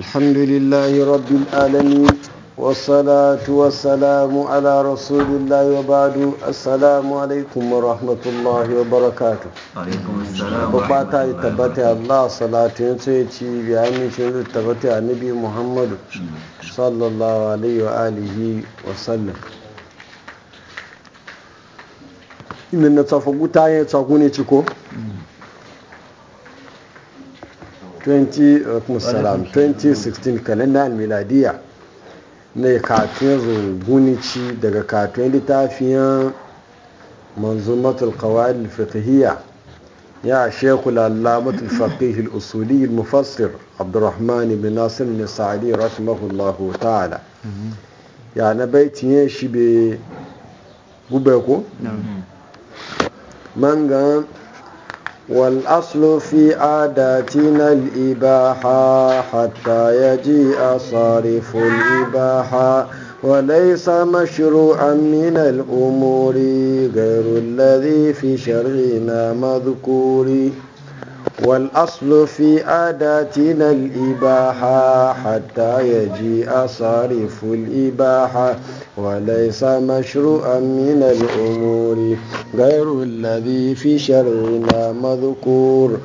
الحمد لله رب العالمين والصلاة والسلام على رسول الله وبعد السلام عليكم ورحمة الله وبركاته عليكم السلام وبعد تبتع الله صلاة ينسيتي بعمي شهد تبتع نبي محمد صلى الله عليه وآله وسلم إن نتفقو تاين تقوني تكو 2016 uh, kalenda miladiya ne katuwa zurguniki daga katuwa littafiyan manzumatul kawalin fatihiyya ya lalla lallamatul fatihil usuli mufassir abdurrahman ibn nasir ne sa'adi rasmahullahu ta'ala ya na bai tinye shi bai gube ko? والأصل في عاداتنا الإباحة حتى يجيء صارف الإباحة وليس مشروعا من الأمور غير الذي في شرعنا مذكور والأصل في عاداتنا الإباحة حتى يجيء صارف الإباحة وليس مشروعا من الأمور غير الذي في شرعنا مذكور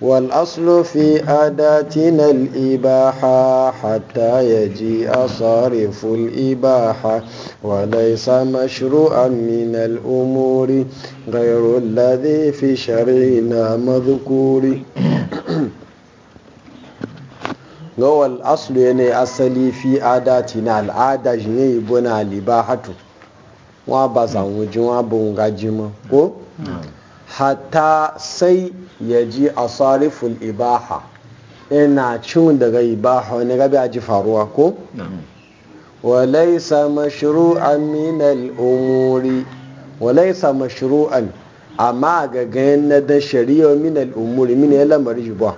والأصل في أداتنا الإباحة حتى يجيء صارف الإباحة وليس مشروعا من الأمور غير الذي في شرعنا مذكور gawal aslu ne asali fi adati na al'ada shi ne buna liba libahatu wa ba zanwu ji wa bunga ji ma ko hatta sai ya ji asariful ibaha ina cin daga ibaha wani gabi a ji faruwa ko walaisa mashru'an min al'umuri walaisa mashru'an amma ga ganin na da shari'a min al'umuri min ya lamari ba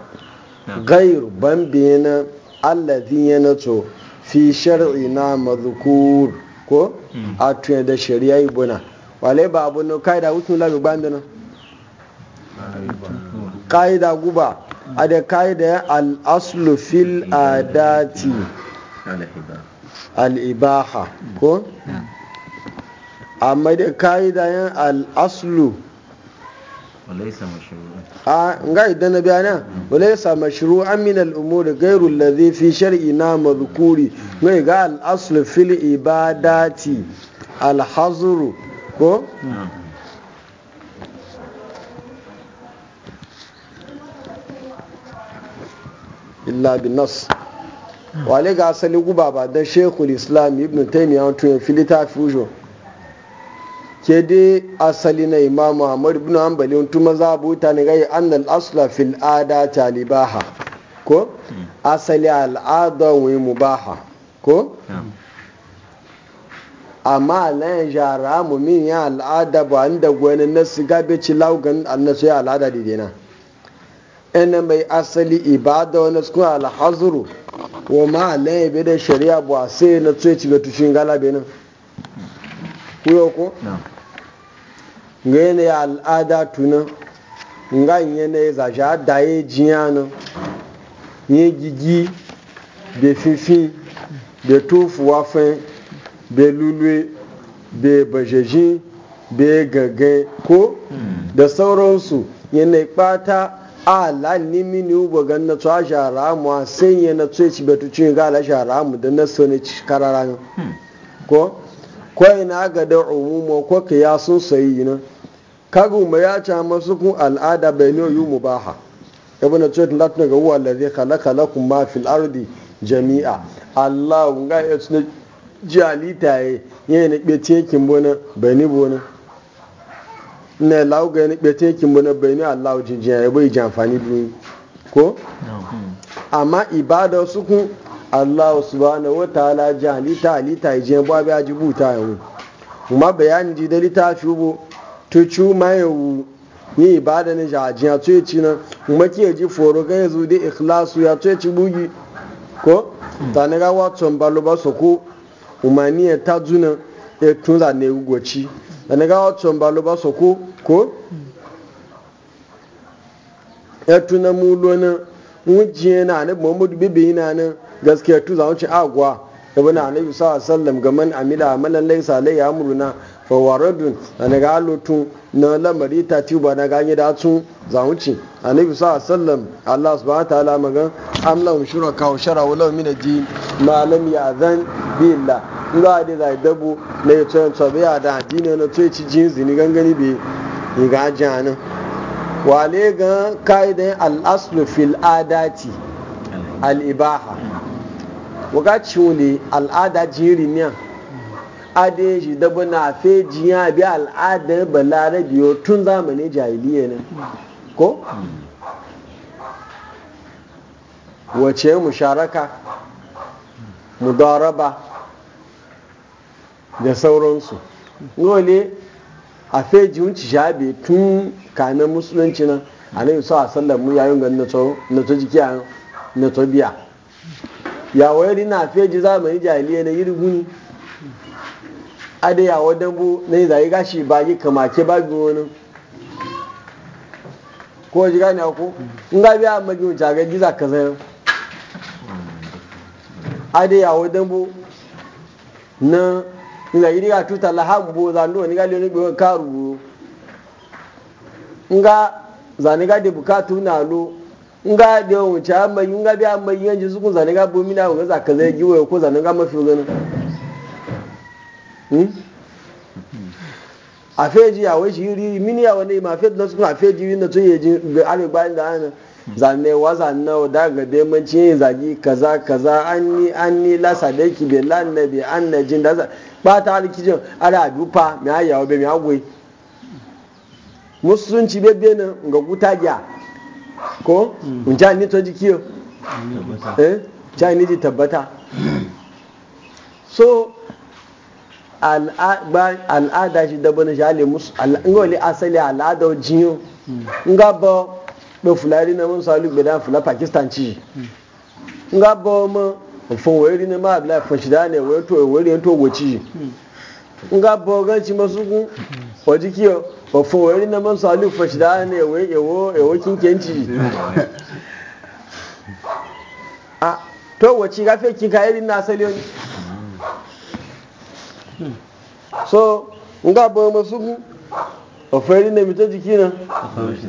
gairu ban biyu allazi yana to fi shar'i na mazkur ko hmm. a tuya da shari'a ibuna wale ba abu no kaida wutu labi gbandana kaida guba a da kaida al-aslu fil adati al-ibaha ko hmm. amma da kaida yan al-aslu a nga idan na biya ne? mashru'an Mashru Aminal umur Gairu alladhi fi shar'ina madhkuri ngai ga al fil ibadati alhazuru, hazru ko illa bin nas wale ga asali guba ba da shekul islam ibn taymiyyah tun fili ta ke dai asali na imamu ahmad ibn hanbali tun maza buta ne gai annal asla fil ada talibaha ko hmm. asali al'ada wa mubaha ko hmm. amma alayin jara mu min ya al'ada ba inda gwani na su gabe ci laugan annasu ya al'ada didina ina mai asali ibada wani su alhazuru wa ma alayin bai da shari'a ba sai na tsoye ci ga tushen galabe nan kuyo ko ga ya al'ada tuna nga za ja adaye jiya nan yi gigi da fifi da tofuwa da lulwe da bajeji da gage ko hmm. da sauransu yanayi kpata ala ni mini ubo gan na tsawa shara mu a sanya na tsaye ci betu cin ga ala shara mu da na ci karara hmm. ko ko ina ga da umumo ko kiyasun sayi nan kagu ma ya ca masu kun al'ada bai ne yu mubaha ibn chot lat daga huwa allazi khalaqa lakum ma fil ardi jami'a allah ga ya tsne jalita ye ye ne be tekin bona bai ni bona ne lau ga ne be tekin bona bai ni allah jin ya bai jamfani biyu ko amma ibada su kun Allah subhanahu wa ta'ala ji halitta halitta ya je ba ya ji buta yawo kuma bayani ji da littafi bu to cu ma wu ni ibada ne jaji ya to ci nan kuma ki ji foro ga yazo da ikhlasu ya to ci bugi ko ta e e ne ga wa ton balo ba ko kuma ni ya ta juna ya tun za ne ugoci ta ne ga wa ton balo ba soko ko ya tuna mu lona mun je na ne mu bibi na nan gaskiya tu zamu ce agwa ibn annabi sallallahu alaihi wasallam man amila amalan laysa alayhi amruna fa waradun anaga alutu na lamari ta ci ba na ganye da tun zamu wuce annabi sallallahu alaihi wasallam Allah subhanahu ta'ala magan amla lahum shuraka wa shara wa min ad-din ma lam ya'zan billah za da zai dabu na ya tsaye tsabe a da addini na tsaye ci jin zini gangani bi yi ga janin wale ga ka'idan al-aslu fil adati al-ibaha waga ciwo ne al'ada jiri ne ade shi dabo na fe jiya bi al'ada balarabiyo tun zamanin jahiliya ne ko wace musharaka mudaraba da sauransu dole a feji wunci shabe tun kamin musulunci nan a nan yi sa a sallar mu yayin ga na to jiki na to biya yàwó yẹn na àfẹ́ jù zamani jàìlíyẹ na yìí gúnni adé yàwó dẹ́nbó na yìí zàyí gáṣì kama kàmàkye bá gbé wọn kó o jìgá ni ọkọ nga bí amagi wọn jàgẹ jíza kẹsẹ adé yàwó dẹ́nbó na zàyí ká tuta lahambo zàndó nígbà lé nígbà wọn káàrú wo nga zànígá de bukatu na lo. nga biya wuce amma yi nga biya amma yanzu su kun zane ga bomi na wanga zaka zai giwo ko zane ga mafi ganin a feji ya wai shi yiri mini ya wani ma feji na su a feji yi na tun yi jin ga arewa da ana zane wa zane da ga bai yin zagi kaza kaza an ni an ni la sadaki bai an na jin da ba ta alkijin ala dupa mai ayyawa bai mai agwai musulunci bebe bai nan ga guta ko mm. nja ni to jiki yo eh nja ni ji tabbata so al'ada shi da shi jale musu nga wani asali al'ada jiyo mm. nga bo be fulari na mun salu be dan fula pakistan ci mm. nga bo mo fo wori ne ma abla fo shida ne wori to wori to woci nga bo ga ci masuku o jiki fafowar na man salu fashida ne yawo e, e, kinkenci a to wace gafe irin na asali wani so ba masu na mita jiki na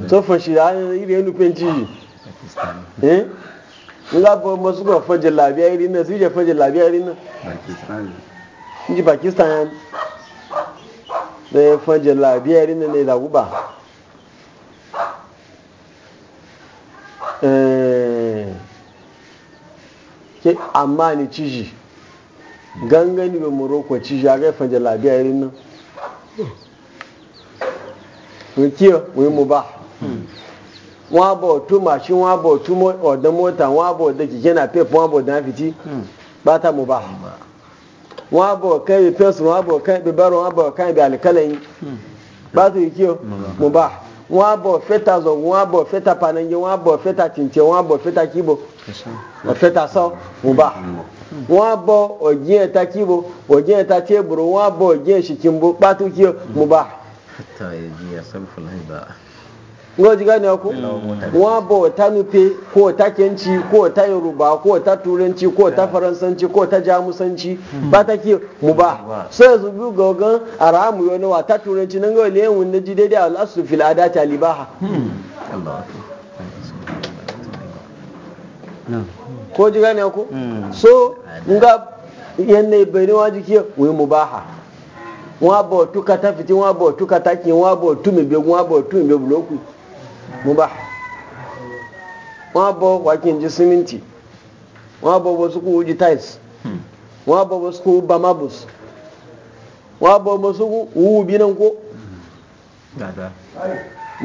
to fashida ne eh ba masu irin na su je ofar jalabiya irin na na ya fanje labiyari na ne laguba eh, ke amma ni ciji gangani bai morocco ciji a gaifan da labiyari nan wikiyo wai mu ba wọn bọ̀ tó mashin wọn bọ̀ tó ọ̀dọ́ mọ́ta wọn bọ̀ da kìkẹ́ na pep wọn bọ̀ da fiti hmm. bá ta mu ba wọn bọ̀ kẹ́ yi pẹ́sùn wọn bọ̀ kẹ́ ibi bẹ́rù wọn bọ̀ kẹ́ yi. àlìkẹ́lẹ̀ yìí bá ti kí o mo bá wọn bọ̀ fẹ́ta zọ̀gùn wọn bọ̀ fẹ́ta panẹ́yẹ wọn bọ̀ fẹ́ta tìǹtìẹ wọn bọ̀ fẹ́ta kíbo fẹ́ta sọ mo bá wọn kíbo wọn kí o mo bá. ngo ji gane ku wa bo ta nufe ko ta kenci ko ta yoruba ko ta turanci ko ta faransanci ko ta jamusanci hmm. ba ta ke mu ba so yanzu bi gogan aramu yo wa ta turanci nan ga ne wanda ji daidai al'asu fil adati alibaha hmm. ko ji gane ku hmm. so nga yanne bani wa jike wi mubaha wọn abọ tu kata fiti wọn abọ tu kata kin wọn abọ tu mi bi wọn abọ tu mi be buloku. mubah wọ́n bọ̀ wákìn jí símìntì wọ́n bọ̀ bọ̀ sukú tiles hmm. wọ́n bọ̀ bọ̀ bamabus wọ́n bọ̀ bọ̀ wúwú bí nan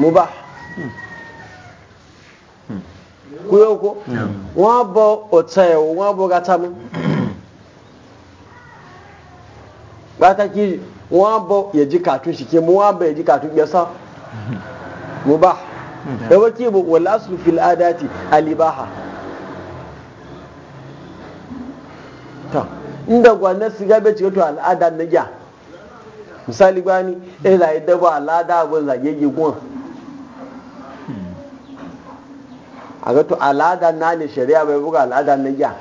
mubah kúyọ́ ko wọ́n bọ̀ ọ̀tá ẹ̀ wọ́n bọ̀ gata hmm. mu wọ́n bọ̀ yẹ jí mu wọ́n mubah. da wake wal aslu fil adati alibaha ta inda gwanar su bai cika to al'ada na gya misali bani eh da yadda ba al'ada abin zage gon a ga to al'ada na ne shari'a bai buga al'ada na gya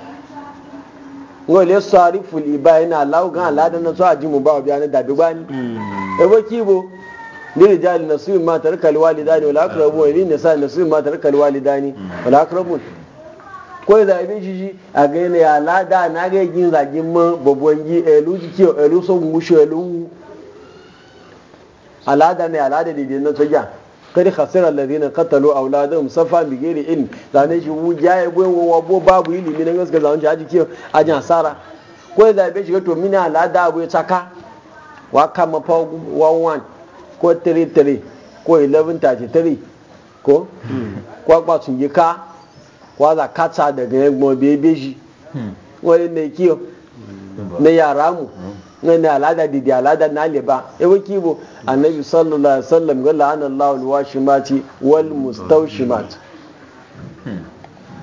ngo le sariful ibayna law gan al'ada na so ji mu ba biya na dabi bani e hmm. ba kibo lirijal da ma taraka alwalidani wal aqrabu wa lin nisa nasibin ma taraka alwalidani wal aqrabun ko da ibin shi a ga yana ya lada na ga yin zagin ma babban gi elu jiki elu so ngushu elu alada ne alada da na nan tsaja kadi khasira alladhina qatalu awladahum safa bi bigeri ilm zane shi wuja ya gwen wa bo babu ilimi nan gaskiya zan ji ajiki ajin asara ko da ibin shi to a alada abu ya caka wa kama fa wa ko tiri-tiri ko 1133 ko hmm. kwakwa sun yi ka kwaza kata daga yagbon bebeji hmm. wani na kiyo hmm. na yara mu na alada didi alada na liba yawon kibo annabi sallallahu alaihi wasallam ga la'anar lawal washimati wal mustawshimat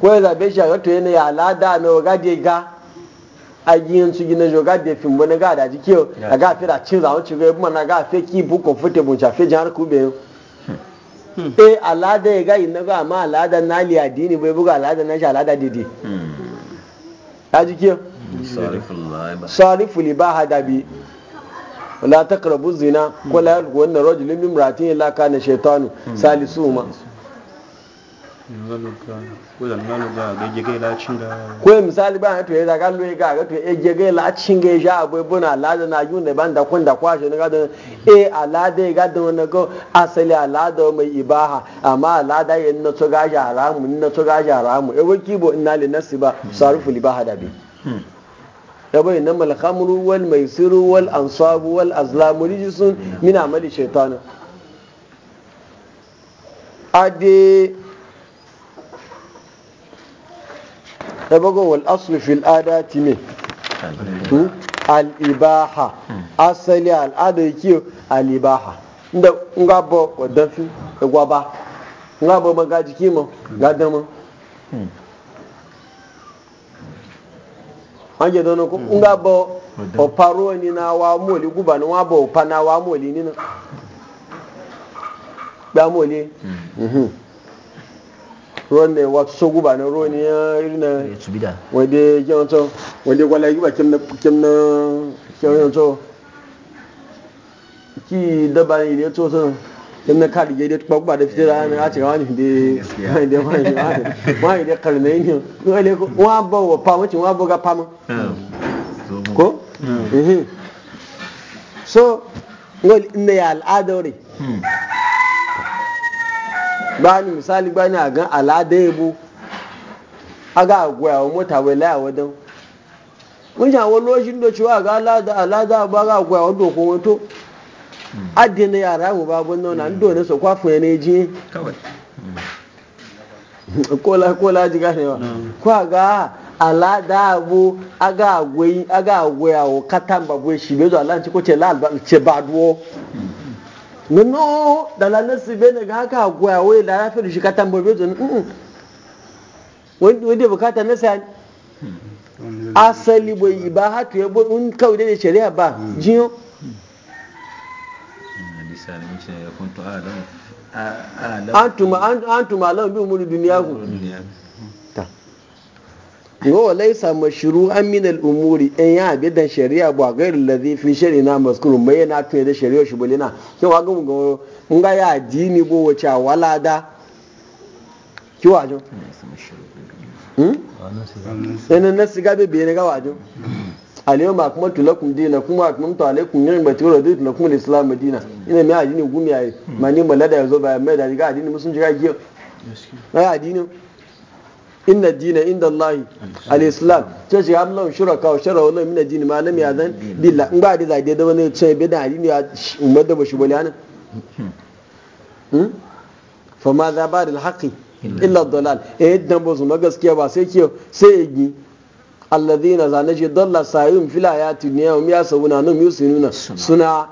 ko ya zabe shi a gato yana ya alada na wagade ga agiyan su gina jo ga be fimbo na ga da kiyo, a ga fi da cin zawo wuce ga na ga fe ki bu comfortable cha fe jar ku be hmm. Hmm. e alada ya e ga inna ga ma alada na li adini bai e buga alada na sha alada didi ta jike sarifu ba hada bi la taqrabu zina hmm. ko la yakun rajulun laka na kana shaytanu ma. ko misali ba to ya daga lo ga ga to e gege la cinge ja abu buna la da na yi ban da kun da kwashe na ga e ala da ga da na go asali ala da mai ibaha amma ala da yin na to ga ja haramu na to ga ja haramu e waki bo inna li nasiba sarufu libaha da bi ya e bai nan mal khamru wal maisiru wal ansabu wal azlamu rijsun min amali shaytan ade sabago wal aslu fil adati me al'ibaha asali al'ada yake al'ibaha inda nga bo wadafi gwaba nga bo maga jiki mo ga dama anje dono ko nga bo oparo ni na wa moli guba ni wa bo pa na wa moli ni na da moli mhm ruwan ne wato so guba na ruwan ya rina wanda ya gyan to wanda gwala yi bakin na kim na kyan to ki daba ne ne to sun kim na kadi oh. oh. ya dai guba da fitira na a cikin wani da wani da wani da wani da karnai ne wa ba wa fama cin wa ba ga ko so ngol ne ya al'adore hmm. bani misali bani a gan alada ebo aga agwaya wa mota wai laya wadan mun ja wani lokacin da cewa ga alada alada ba ga agwaya wa dokon wato adde na yara mu ba bun nona ndo ne so kwafu ne ji kawai kola kola ji gane wa mm. kwa ga alada bu aga agwe aga agwaya wa katan babu shi bezo Allah ci ko ce la ce baduwo mm. nuno da lanar bene ga haka goya wai da ya fi da shi katan bobe zo mm wanda bukata na sa asali bai ba hatu ya bai un kawai da shari'a ba jiyo an tuma lawan bi umuri duniya ku wa laisa mashru'an min al-umuri in ya bi dan shari'a ba gairu ladhi fi shari'ina mazkuru mai yana tun da shari'a shi bulina kin wa gun go mun ga ya dini bo wace wala da ki wajo hmm sanan nasu gabe bi ne ga wa jo yawm kuma lakum dinakum wa atmamtu alaykum ni'mati wa raditu lakum al-islam madina ina mai adini gumi ayi mani malada yazo ba mai da ga adini musun jira giyo ai adini inna dina inda Allah al-islam ce shi hamlan shura wa shara wannan min dini ma lam yadan billah in ba da zai da wani ce bi da hadini ya madda ba shubali anan hmm? fa ma za ba da haqi illa dalal eh dan ba su gaskiya ba sai ke sai yi alladhina zanaji dalla sayum fil ayati dunya hum yasawuna num yusinuna suna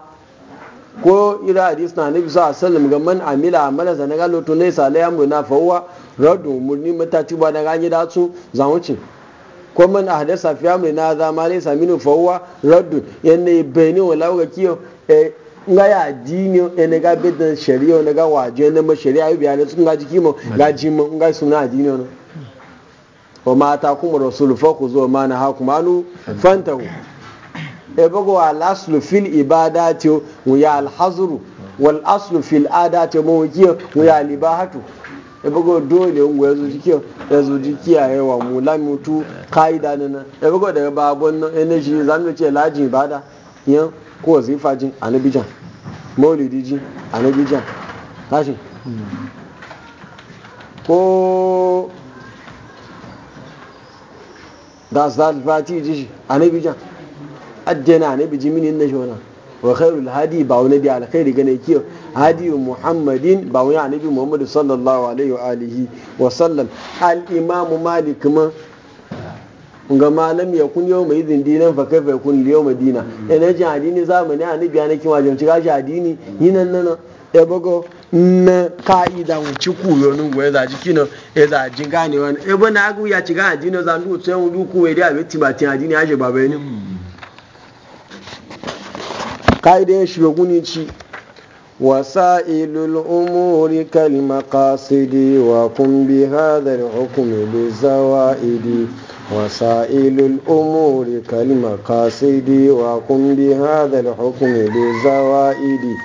ko ira hadis na nabi sallallahu alaihi wasallam ga man amila amala zanaga lotu ne salaya mu na fawwa radu murni matati ba da ganye da su zawucin ko man safiya mai na zama ne sami ne fa huwa raddu yanne bayni wa ga kiyo e nga ya dini ene ga bidan shari'a na ga waje na ma shari'a yi biya sun ga jiki mo ga jimo nga suna dini no wa ma ta kuma rasulu fa ku zo ma na hakum anu fantahu e bago al aslu fil ibadati wa ya alhazuru, wal aslu fil adati mu kiyo wa ya ebago dole ungo ya zo yazo jikiya yawa mu lamutu kaida ya ebago da ba shi? energy zamu ce laji ibada? yan ko a jin anabijan maulidi jin anabijan tashi ko da zalfati ji anabijan ajjana anabiji minin na shona wa khairul hadi ba wani da alkhairi gane kiyo hadi muhammadin ba wani annabi muhammadu sallallahu alaihi wa alihi wa sallam malik ma ga malam ya kun yau mai zindi fa kai kun yau madina ina ji adini zamani ya nake wajen cika gashi adini yinan nan ya bago na ka'ida kuyo nun za ji kino ya za jin ganewa ebe na agu ya cika adini zan duku wai timatin adini ya ba babai ne ya shiga guni ci wasa'ilul umuri kalma ƙasidi wa bi hadar hukumi da zawa'idi wasa'ilul umuri kalma ƙasidi wa kumbi hadar hukumi da zawa'idi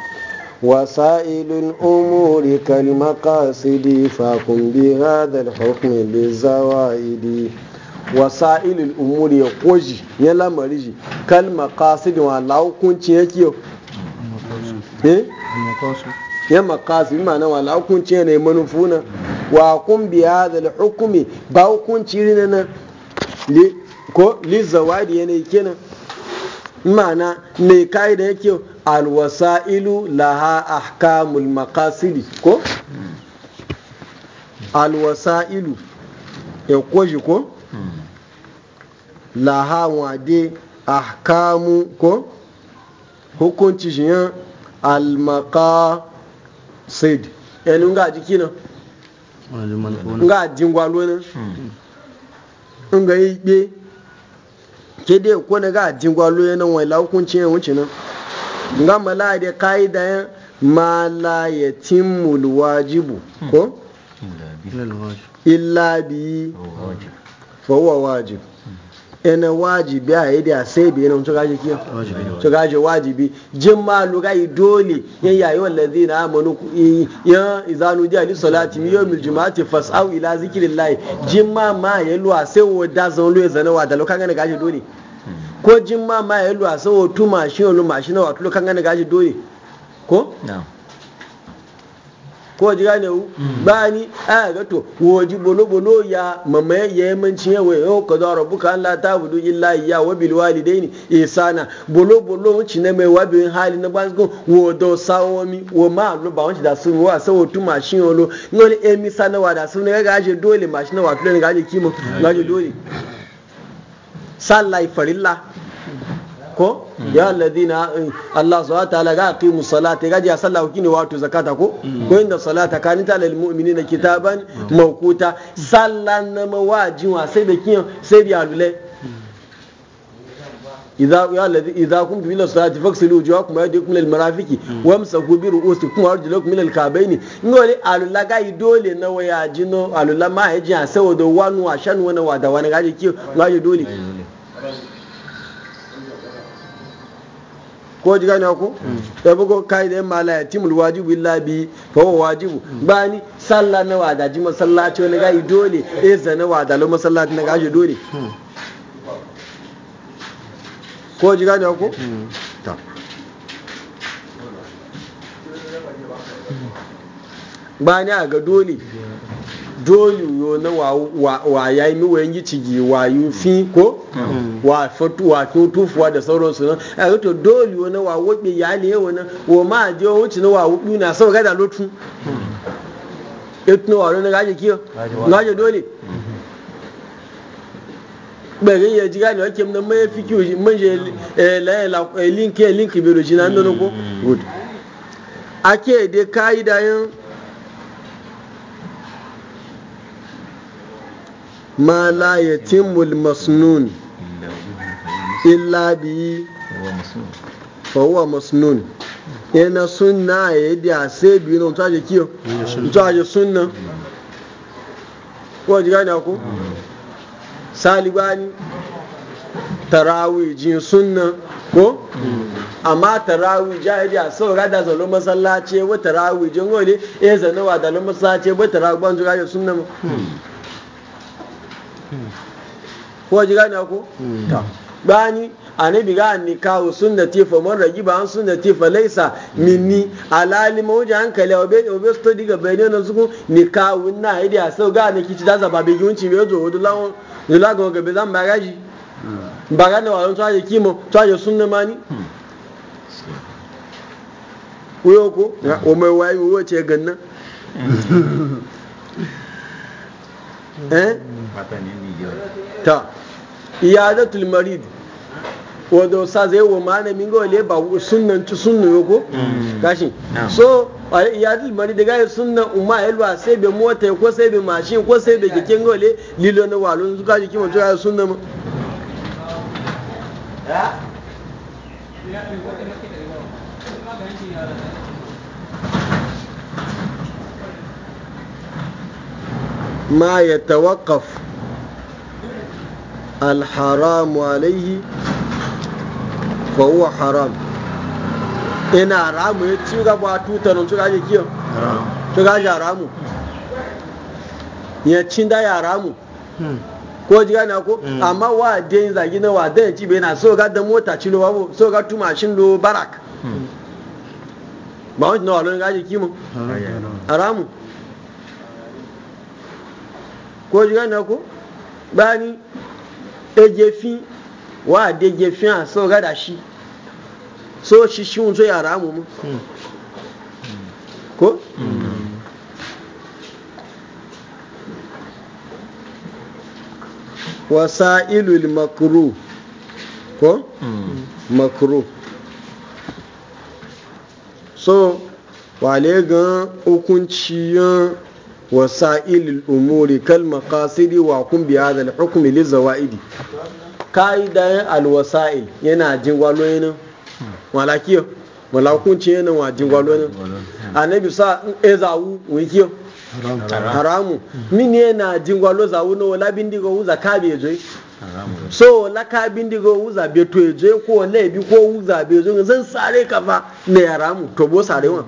وسائل kun bi فكن بهذا الحكم بالزوائد wasa'ilil umuri ya koji ya lamari shi kal maqasid wa la hukunci yake eh? eh ya maqasid ma'ana wa la hukunci ne manufuna wa kun bi hadha al hukmi ba hukunci ne nan li ko li zawadi ne kenan ma'ana ne kai da yake al wasailu laha ahkamul maqasidi ko hmm. al wasailu ya koji ko laha wade ahkamu ko hukunci jiyan said, yani nga jiki na nga jingwalo na nga yi kede ko na ga jingwalo yana wai la hukunci yan wuce na nga mala da kaida yan ma la yatimul wajibu ko illa bi fọwọ́ wajib ẹnẹ wajibi a yẹ de a sẹ bi ẹnẹ tọkaji kiyọ tọkaji wajibi jimma luka yi dole yẹn yà yọ lẹbi na yan izanu ìzanudi ali sọláàtì mi yọ milijuma ti fas aw ila zikiri lai jimma ma yẹ lu a sai wo da lu ẹzẹ náà wa dàlọ kankan gane ṣe dole ko jimma ma yẹ lu a sai wo tu mashin lu machine wa tulo kankan gane ṣe dole ko. ko ji gane wu mm. bani a ga to woji bolo bolo ya mamaye ya yamanci yawa yau oh, ka zo rabbuka Allah ta budu illa ya wa bil walidaini ihsana bolo bolo ci na mai wabi hali na bango wo do sawomi wo ma lu ba wuci da sun wa sawo tu mashin yolo ngoli emi sana wa da sun ga gaje dole mashin wa tu ne gaje kimo gaje dole sallai farilla ko ya alladhina Allah subhanahu wa ta'ala ga aqimu salata ga ya sallah ku kini wato zakata ko ko inda salata ta lil mu'minina kitaban mawquta sallan na mawajin wa sai da kin sai bi alule. idza ya alladhi idza kuntum ila salati faghsilu wujuhakum wa aydiyakum lil marafiqi wamsahu bi ru'usikum wa arjulakum min al ka'bayn ngole alula ga dole na waya jino alula ma ya ji asawo do wanu ashanu wana wada wani ga ki ga dole ko ji gane ko da bugo kai da mala ya timul wajibu illa bi fa huwa wajibu bani sallah na wada ji masallaci wani ga dole eh zana wada lo masallaci na gaji dole ko ji gane ko Ba bani a ga dole dole yo na wa ya yi wa yi fi ko mm. wa fatu wa da sauransu na a yato dole yo na wa ya ne yawa na wa ma je wuce na wa wuɓe mm. e na sau gada lotu etu wa wani mm-hmm. gaje kiyo gaje dole gbẹ̀rẹ̀ yẹn jíra ni mẹ́yẹ fi mẹ́yẹ lẹ́yìn ẹ̀ jìnnà ń kó. akéde yẹn. ما لا يتم masnun إلا بي فهو masnun إن سنة ya yi da sai biyu na سنة واجي mutaje أكو kowa ji gani ako ko amma tarawi jahili a sau gada zalo masallaci wa tarawi jin wani ya zanawa da masallaci tarawi ban sunna ko ji hmm. gani ko ta bani anabi ga ni kawo sunnati fa man ba an sunnati fa laisa minni alali mawji hankali wa be obe sto diga bayne na zuku ni kawo na idi aso ga ne kici da za babe gunci be zo wodu lawon ni lago ga be zan bagaji hmm. baga ne wa tsaje kimo tsaje sunna mani hmm. uyo ko o mai wayi wo ce ganna Eh? ta iyadatul marid wadda sa zai wa malamin mingo wale ba sunan ci sunan yoko mm. gashi so iyadatul marid ga sunan umma yalwa sai bai mota ko sai bai mashin ko sai bai keken gole lilo na walon zuka jiki mun ya sunan ما يتوقف الحرام عليه فهو حرام ina حرام يتي غبا توتن tutanin غاجي كيو حرام suka غاجي حرام يا تشين دا يا حرام ko ji gane ko amma wa da yin zagi na wa den ci bai na so ga da mota ci lo babu so ga tu mashin lo barak ba wani na walon gaji kimo haramu ko ji gane ku bani ejefi wa dejefi a so gada shi so shi shi wunso yara mu mu hmm. ko hmm. wasa'ilul makru ko hmm. makru so wale gan hukunciyan وسائل الأمور كالمقاصد وقم بهذا الحكم للزوائد قاعدة الوسائل ينا جنوالوين ولكن malakun ce yana wajin gwalwani annabi sa e haramu min yana jin gwalo zawu na wala bindigo wuza kabe ya so wala ka bindigo wuza be to ko wala bi ko wuza be zoi zan sare kafa na haramu to bo sare wa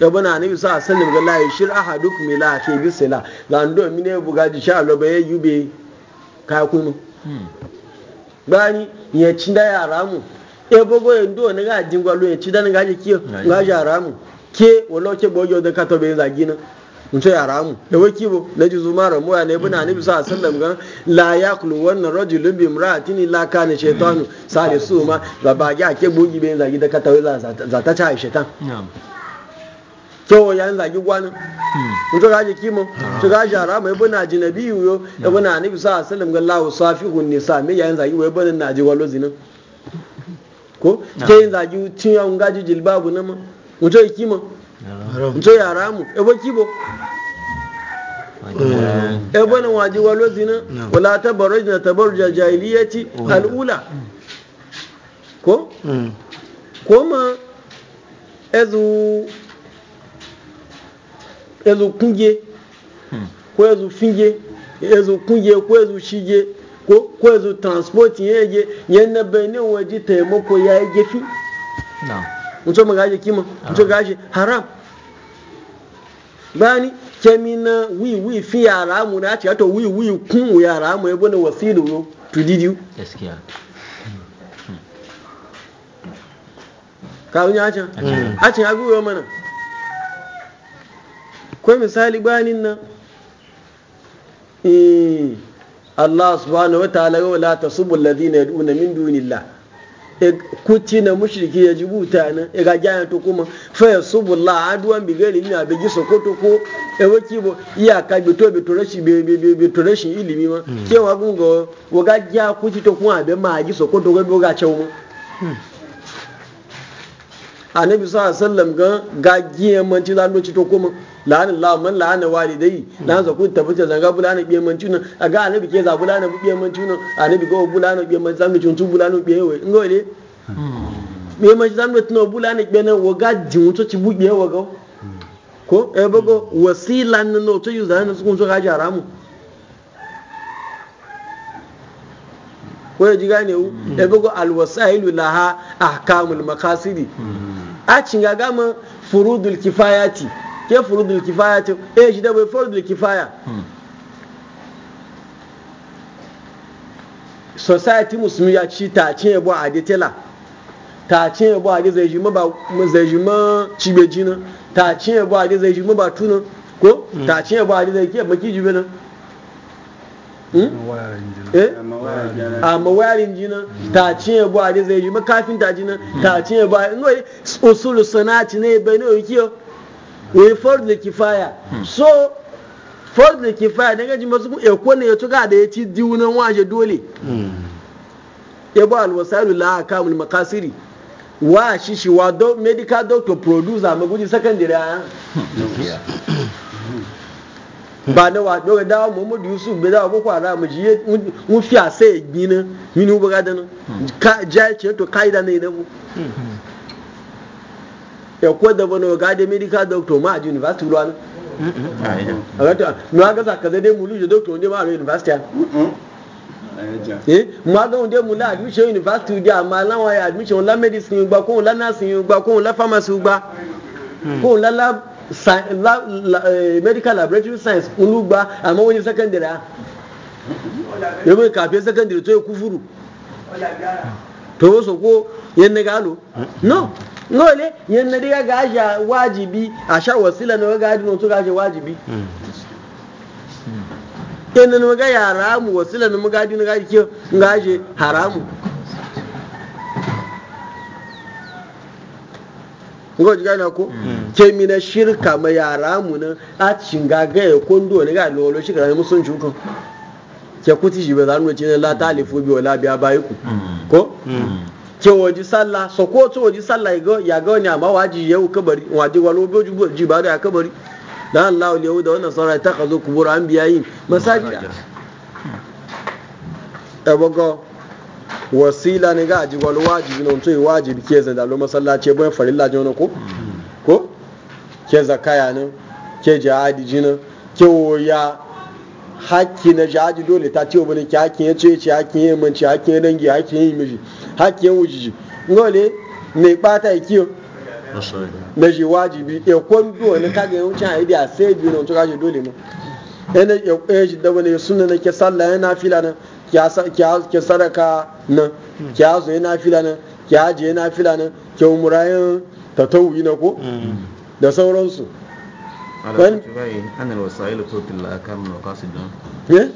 da ne bisa a sanin ga la yashir ahadukum ila akhi bisila an domin ne buga ji sha lo baye yube ka kunu bani ya da yara mu Ya e bugo ya e ndo ne ga jin gwalo ya ci ne ga ji kiyo ga yara mu ke wala ke bojo da ka bai zagi na mun ce yara mu da e waki bo na ji zuma ramu ya ne ne bisa a sallam ga la kulu wannan rajulun la ka ne kana sa sale su ma ba ba ya ke bogi be zagi da ka to za ta ta shaytan na'am to ya zagi gwanin hmm. mutu ga jiki mu to ah. ga jara mai bana jinabi yo da bana bisa sa salim ga safi hun nisa me ya zagi wai bana ji walo zinin ko ah. ke yin zagi cin ya un gaji jilbabu na ma mutu ya kima mutu ya mu ya baki bo ya bana waji walo zinin wala tabarrujna tabarruj jahiliyyati oh. al'ula ko hmm. ko ma ezu ezukunje ko ezufinje ezukunje ko ezushije ko ko ezu hmm. transport yeje yanna bane waje taimako ya yi fi? na mutum ga gaje kima mutum ah. ga gaje haram bani kemina wi wi fi yara mu na ce to wi wi kun yara mu yabo na wasilu yo to did you gaskiya ka unya acin hmm. acin agu yo mana ko misali banin nan hmm. Allah subhanahu wa ta'ala ga wala tasubul ladina yad'una min dunillah e, kuci na mushriki ya ji buta na, ya e ga gyan to kuma fa yasubullah aduwan bi gari ni abi ji sokoto ko e waki bo iya ka Bito bi to rashi bi rashi ilimi ma cewa hmm. gungo wa ga gya kuci to kuma abin ma ko to ga ga cewa hmm. annabi sallallahu alaihi wasallam ga gagiye manci da lokaci to kuma la'anin la man la'ana walidai na zaku ku tabbata zanga bulana biye manci nan a ga annabi ke za bulana biye manci nan annabi ga bulana biye manci zamu ci tun bulana biye wai in gole biye manci zamu tun bulana biye nan wa ga jin to ci biye wa ga ko e bago wasilan nan to yu zan su kun so ga jaramu ko ya ji gane wu e bago alwasailu laha ahkamul makasidi a nga gama furudul kifayati ke furudul kifayati eh shi da bai furudul kifaya hmm. society musulmi ya ci ta cin yabo a detela ta cin yabo a zai ji ba zai ji ma cibe jina ta cin yabo a zai ji ma ba tunan ko hmm. ta cin yabo a zai ke maki jibe nan a hmm? eh? mawarin ah, jina ta cinye bu a da zai yi makafin ta jina ta cinye bu a da usulu sanati ne bai ne yake wai fard da kifaya hmm. so fard da kifaya dan gaji masu ya kone ya tuga da ya ci diunan waje dole hmm. ya bu alwasalu la akamul makasiri wa shishi wa medical doctor producer maguji secondary ah. a ba na wa ɗora dawa muhammadu yusuf bai dawa boko haram ji ya wufi a sai gina mini ubara da nan jayyace to ka'ida ne na bu ya ko da bano ga da medical doctor ma a ji university ruwa nan a rata na ga saka zai dai mulu je doctor ne ma a university eh ma ga wanda mu la admission university dia ma la wa admission la medicine gba ko la nursing gba ko la pharmacy gba ko la lab la, la, eh, medical laboratory science ulugba amma wani secondary ha yau kafin secondary to ya kufuru to wasu ko yan na no nole yan na diga ga aja wajibi a sha wasila na waga adin to ga aja wajibi nne na waga ya haramu wasila na waga na ga aje haramu ngo jiga na ko mm. ke mi na shirka ma yara mu na a cinga ga ya kondo ne ga lolo shi ga musun sun ke kuti shi ba za mu ce la talifu bi wala bi bayi ku mm. ko mm. ke waji sallah ko to waji sallah ga ya ga ne amma waji ku kabari waji walo bi ji ba da kabari da Allah ya yahuda wannan sarai ta kazo kubur anbiyayin masajida tabago wasila ne ga aji wal wajibi non to e wajibi ke zan da lo masallaci bayan e farilla jono ko mm. ko ke zakaya ne ke jihadi jina ke woya hakki na jihadi dole ta ce bane ki haƙƙi ya ce ci hakkin ya manci haƙƙi ya dangi hakkin ya miji haƙƙi ya wujiji ngole ne bata e kiyo na shi wajibi ya kwando ne kaga yau cin haidi a sai biyu na wancan kashi dole ma yana ya kwaya shi da wani suna na ke sallah yana fila na ke sadaka nan ki azu yana fila nan ki haji yana fila nan ki umurayen tatawuyi na ko mm. da sauransu wani annal wasa'il ko fil akam na kasu don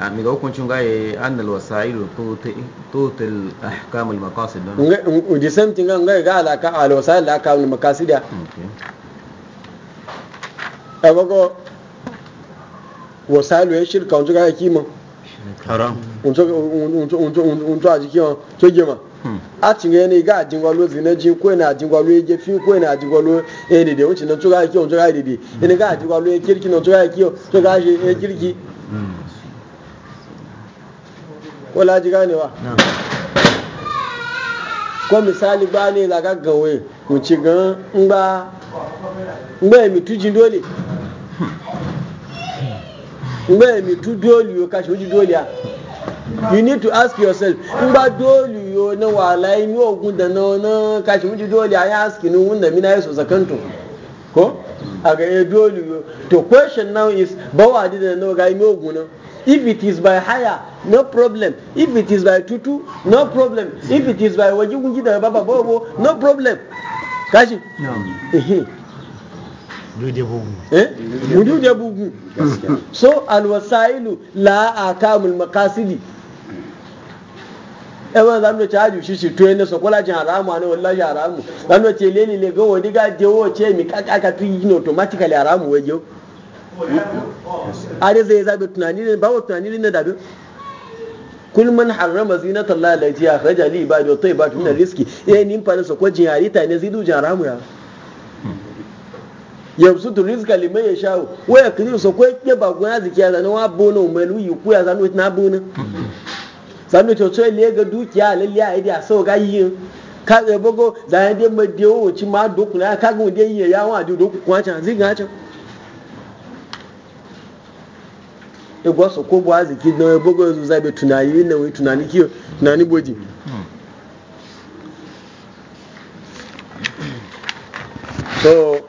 a mi ga hukuncin gaye annal wasailu total ahkam al maqasid don the same thing ga ga alaka al wasail al ahkam al maqasid ya e mm, bago wasailu ya shirka wanzu ga kima haram unto ajikin toge ma a cinye ne ga ajingwalo zinaji kwe na ajingwalo eje fi kwe na ajingwalo edede na ntụgharị kiyo ga na kiyo misali tu kashi a. you need to ask yourself ngba dole yo na wala yi mi ogun da na na kashi muji dole ayi ask ni wunda mina yeso zakanto ko aga e eh, dole yo the question now is bawa di da na ga mi ogun na if it is by higher no problem if it is by tutu no problem if it is by waji kunji da baba bobo no problem kashi Eh? wudu da bugu so alwasailu la akamul makasidi ẹmọ zanu ti aju sisi to ene sokola ti haramu ani wala aramu haramu zanu ti leni le gan wodi ga de wo che mi kaka aka tu automatically haramu wejo are zai zabe tunani ne bawo tunani ne zina ta eh, ne ya yanzu tu rizqa liman yasha wa yakdiru ba wa yi ku ya na sanu coco ile ga dukiya lalle a idiya sau ga yi ka ga bago da ya dai mai dewo wuci ma doku na ka ga dai yi ya wa doku kuma can zai ga can e gwa so ko bwa ziki na ya bago yanzu zabe be tunani ne wai tunani kiyo tunani boji so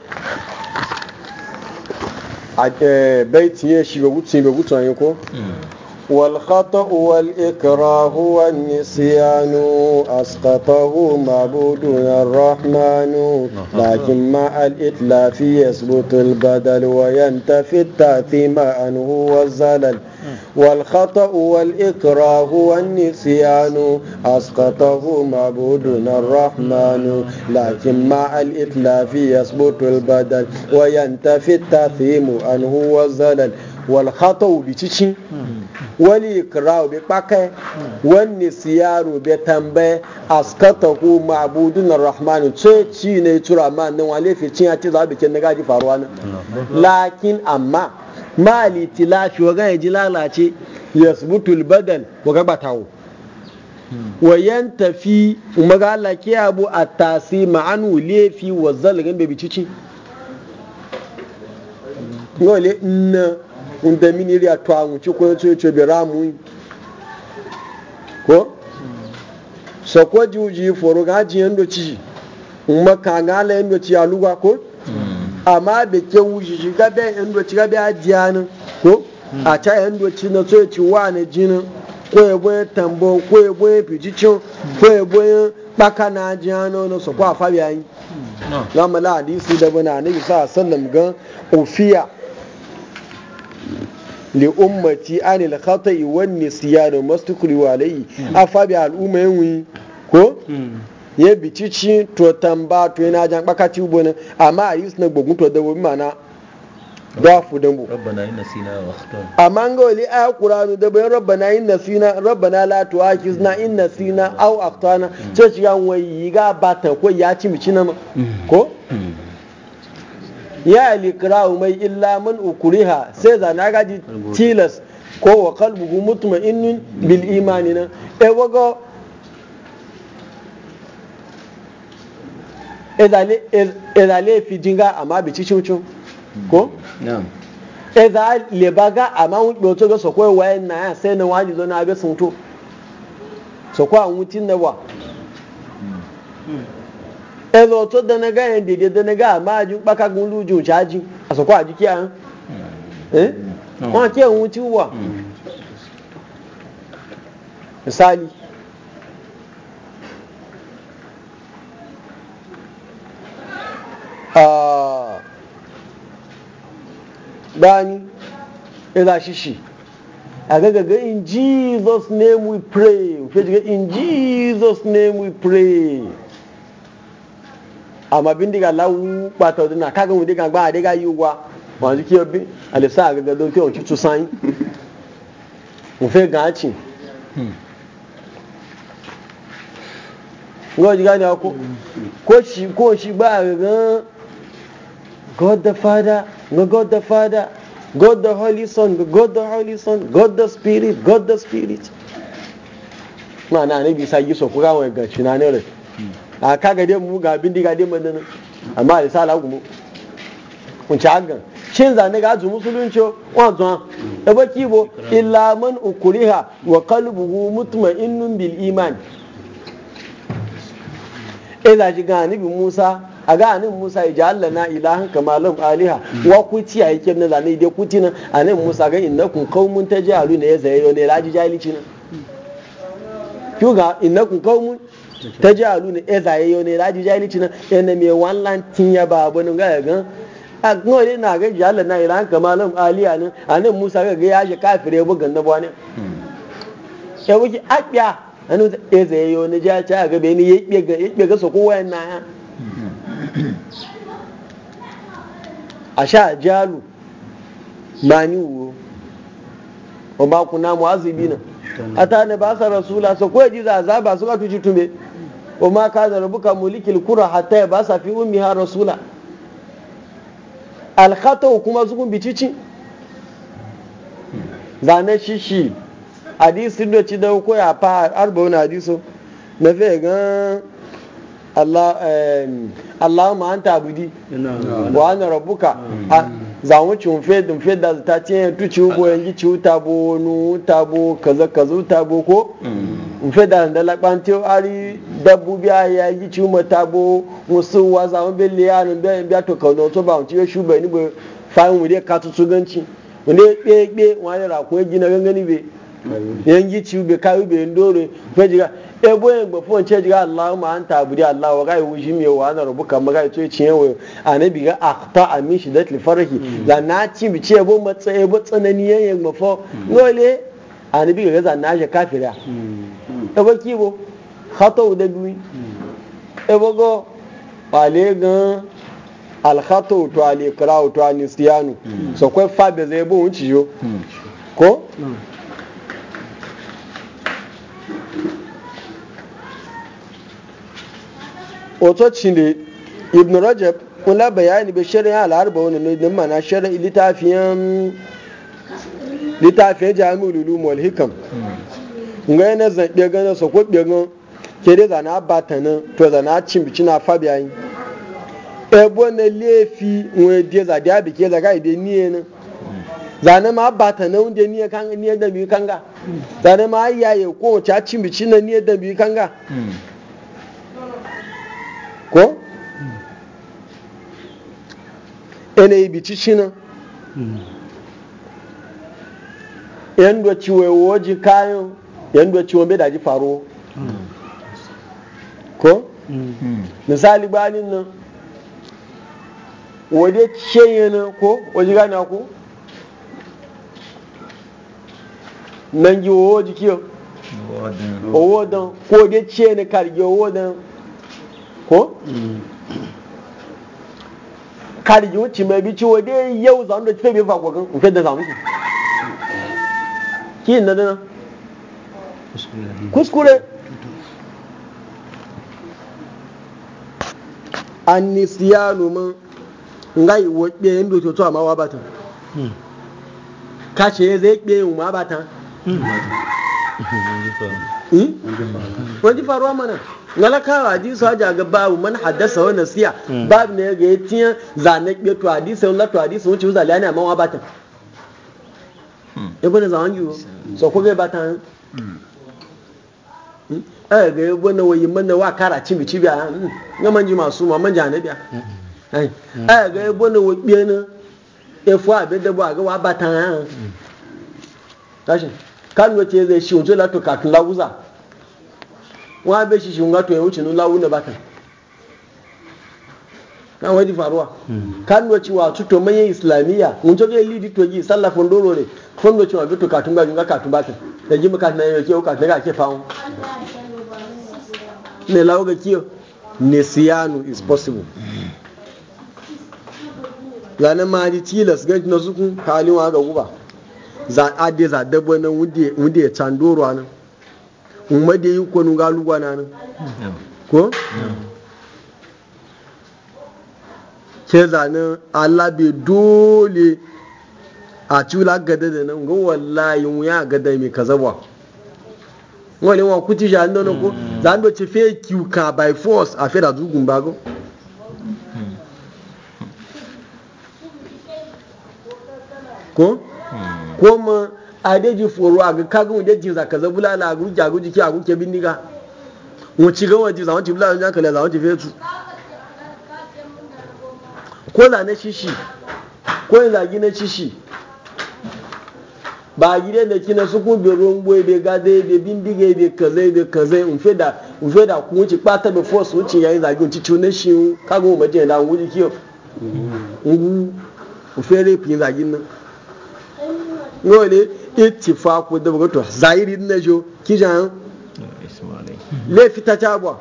a eh, bai tiye shi ba gutu ba gutu ko hmm. والخطأ والإكراه والنسيان أسقطه معبودنا الرحمن نعم. لكن مع الإتلاف يثبت البدل وينتفي التأثيم عنه والزلل نعم. والخطأ والإكراه والنسيان أسقطه معبودنا الرحمن لكن مع الإتلاف يثبت البدل وينتفي التأثيم عنه والزلل wal bi cici wal wani bi pakai wan nisyaru bi tambe askatahu ma'budun arrahman ce ci ne tura ma nan wale fi cin ati zabi kin ji faruwa nan lakin amma ma litilafi wa ga ji lalace yasbutul albadan wa ga batawo wayan tafi magala ke abu a tasi ma'anu lefi wa zalgin bi cici le unda mini ri atwangu chikwe tso tso biramu ko so ko juji foro ga ji endo chi umma kanga la endo chi aluga ko mm. amma da ke wuji shi ga be endo chi ga be ajiyan ko mm. a ta endo chi na tso chi wa ne ko ebo tambo ko ebo pijichin mm. ko ebo baka na ajiyan no so ko afabi ayi na mala hadisi da bana ne bisa sallam ga ofiya li'ummati anil khata'i wan nisyan mastukri walai afa bi al'umma yin ko ye bicici to tamba to ina jan bakati ubona amma a yusna gbogun to da bobi mana dafu dambu rabbana inna sina wa akhtana amma ga wali a qur'anu da bayan rabbana inna sina rabbana la tu'akhizna inna sina aw akhtana ce shiga wayi ga bata ko ya ci mici na ko ya likrahu mai illa mun ukuriha sai zana gaji tilas ko wa kalbuhu mutma'innin bil imani nan e wago eza e, e le fi jinga amma bi ci cucu ko eza le baga amma wun doto ga so koyi wayan na ya sai na waji zo na ga sun to so ko an wutin na wa hmm. ẹ̀rọ tó dẹnẹgá yẹn dèdè dẹnẹgá àmáàjú pákágun lójú ìṣáájú àsọ̀kọ́ àdúkí à ń hmm. wọ́n àti ẹ̀hún tí wà hmm. misali gbani ah. ẹ̀rọ àṣìṣì agagaga in jesus name we pray in jesus name we pray amma bindiga lawu bata wadana kaga wunde ga ba de ga yuwa wa zuki yobi alisa ga ga don tiyon citu sai mu hmm. fe gaci. ngo ji gani ko ko shi ko shi ba ga God the Father, God the Father, God the Holy Son, God the Holy Son, God the Spirit, God the Spirit. Ma'ana ne bisa yi so kura wa gaci na ne re. a ka gade mu ga bindi gade madana amma da sala gumo kun ci hagan shin zane ga azu musulunci wa zuwa da baki bo illa man ukuriha wa qalbuhu mutma'innun bil iman da e ji ga bi Musa a ga anin Musa ya Allah na ilahan kamalum aliha wa kuti a yake na zane dai kuti nan anin Musa ga innakum qaumun tajalu ne ya zayo ne laji jahilci nan kyuga innakum qaumun ta ji alu ne eza yi yau ne raji jahilci na yana mai wannan tinya babu nan gaya gan a kuma ne na gaji Allah na iran kamalin aliya nan a nan musa ga gaya shi kafin ya bugan na bwani. ya wuce akya nan eza yi yau ne ja ta a bai ni ya ɓe ga sako wayan na ya a sha jalu ba ni wuro wa ba ku na mu'azibi nan a ta ne ba sa rasula so ko ya ji za a zaba su ka tuci tume wa ma da rabbuka mulikil kura hatta yabasa fi ummi ummiha rasula al khata kuma zugun bicici zane shishi hadisi da ci da ko ya fa arba'un hadiso na fe gan Allah Allahumma anta abudi wa ana rabbuka za mu ci fe dun fe da ta ce tu ci ubo yanji ci uta bo nu uta bo kaza kaza uta bo ko mm. mu fe da da labanti ari dabbobi a ya yi ci mu tabo musu wa zamu be le anu be bi ato kan no to ba un ti ba ni ba fa mu dai ka tu su ganci ne pe pe wa ne ra ko ji na gangani be yan ji ci be kai be ndore fe jiga e bo en gbo fon che jiga allahumma anta abudi allah wa gai wuji me wa na rubuka ma gai to ci yawo anabi ga aqta ami shi shidat li farahi la mm. na ci bi ce bo matsaye bo tsanani yan yan gbo fo mm. ngole anabi ga za na je kafira mm. e bo kibo khatau da duwi e bogo pale gan alkhatau to alikrau to سیانو so ko fa زېبو zai bo unci yo ko ibn rajab kula bayani bai shirin al'arba wani ne din mana shirin littafiyan littafiyan jami'ul ulum wal hikam ngai zabe gana kede zana batanin to zana cimbici na fabiyayi yi ebo na lefi nwe die za dia bi za ga ide niye na zana ma batanin wunde niye kanga niye da biyu kanga zana ma yaye ko cha cimbici na niye da biyu kanga ko ene ibi cici na yan e do ciwe woji kayo yan e do ciwe be da ji faro ko hmm. Hmm. misali banin nan wadda ciye nan ko waje gane ko nan gi owo jiki owo don ko dai ciye na karge owo don ko karge wuce mai bici wadda yau zaune da cife bai fakwakon nke da zaune ki na dana kuskure an ni siyanu mun ngai wo be yin do to amma wa batan ka ce zai kpe yin ma batan Wani ji faruwa mana ngalakawa hadisi haja ga babu man haddasa wa siya. Hmm. babu ne ga yatiya zane ke to hadisi wala to hadisi wuce wuza lani amma wa batan hmm. ibn zawangi hmm. so ko batan aka ga yabo na wayi mana wa kara ci bici biya ga manji masu ma manja na biya Aya ga yabo na wabi na efu abe da ba ga wa batan tashi kan wace zai shi wato lato kakin lawuza wa be shi shi ngato ya wuce nu lawuna na batan kan wadi faruwa kan wace wa tuto manyan islamiyya mun to ga lidi to ji sallafin doro ne kan wace wa bitu katun ba junga katun batan da ji muka na yau ke ka ga ke fawo ne lauga kiyo nesiyanu is possible zanen ma ji tilas gaji na suku halin wa ga guba za a de za dabo nan wunde ya can doro nan umma da yi kwanu galuwa na nan ko ke zanen bi dole a cula gada da nan ga wallahi wuya gada mai kazawa wani wa kuti ja ndono ko mm. za ndo ci fe kiu ka by force a fe da zugun bago ko mm. Mm. ko ma adeji foro aga kaga wunde jin za ka zabula la agu jagu jiki agu ke bindiga mu ci gawa ji za mu ci bula jan kala za mu ci fe tu ko la na shishi ko la gi na shishi ba gidan da kina su ku be rombo be gade be bindige be kaze be kaze un feda un feda ku wuce pata be force wuce yayi zagi wuce tunan shi kaga mu baje da wuji kiyo ugu un fere pin zagi nan no ne e ku da buga to zahiri na jo ki kijan hmm, le fita tabwa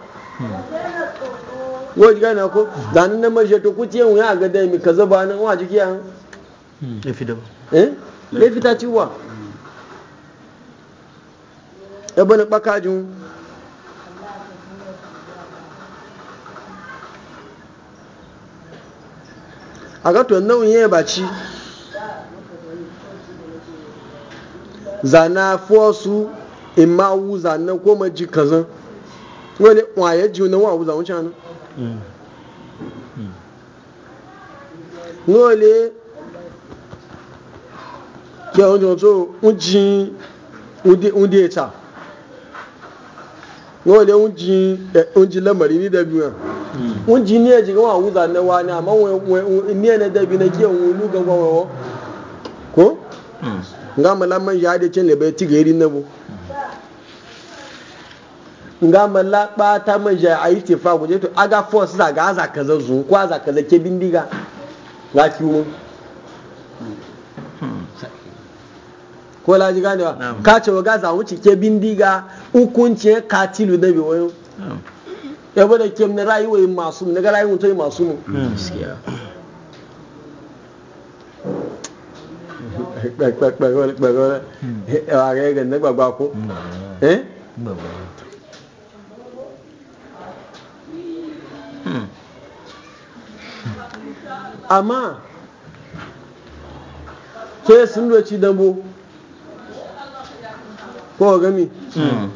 ji gana ko zanen na mashi to kuce yin ya ga dai mi kaza ba nan wa jikiya eh le fita wa. ebole kpakaju aga to nan yin baci zana fosu imma wu zana ko ji kaza wani waye ji na wa wuza wancan nan lóòlé kí ọjọ́ tó ń jí ń wale unji eh, lamari ni da biyu unji ni ya jiga wa wuza na wani amma ni na da biyu na giyan wulu ga gwawawa ko nga mala man ya da cin labai ci gairi na bu nga mala ba ta man ya a yi tefa guje to aga force za ga za kaza zu ko za kaza ke bindiga ga ki ko la ji ganewa ka ce wa ga za ke bindiga ka tilu da bi wayo ya hmm. bada kem na rayuwa yin masu na ga rayuwa yi masu mu amma ke sun doci dambo ko hmm. eh? gami Hmm.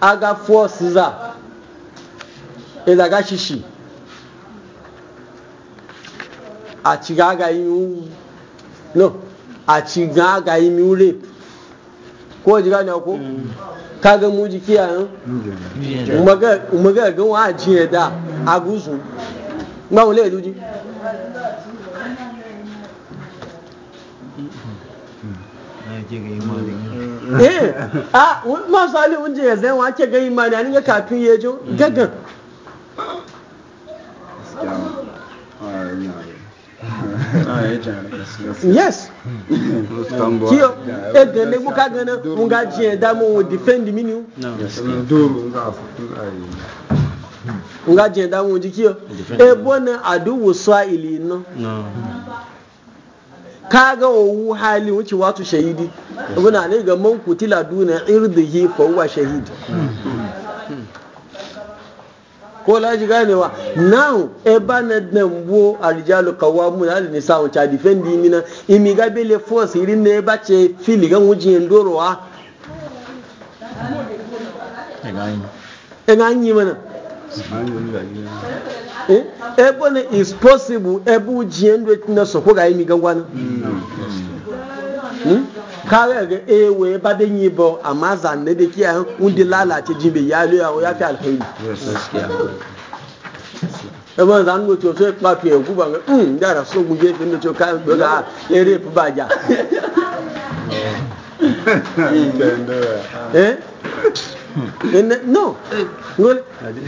aga force za ezaga shishi achiga aga yi no achiga aga imi rape ko jiga ne ko hmm. kaga mu jiki yan eh? hmm. umaga umaga ga wa ajiye da aguzu ma wule duji wake imani eh a ah, ma sali unje ya zai wake ga imani an kafin ya jo gaggan yes kiyo eh, mun defend minu mun eh, adu kaga owu hali wuce watu shahidi muna ne ga man kutila duna irdihi fa huwa shahid ko gane wa now e ba na dan bo arjalu qawamu al nisa wa ta defend na, imi ga bele force irin ne ba ce fili e ga wuji ndorowa e ga yi mana e Eh? ebe na is possible ebe ujie ndụ eti na sokwo ga imi gangwana hmm? kare e ewe ebe da yi ba amma zanne da kiyaye wanda lalace jibe ya lo ya ya fi Ebe ẹmọ anụ ló otu o tó ipa fi ẹ̀kú ndị ń dára sógun yé fi ka tó ká eri no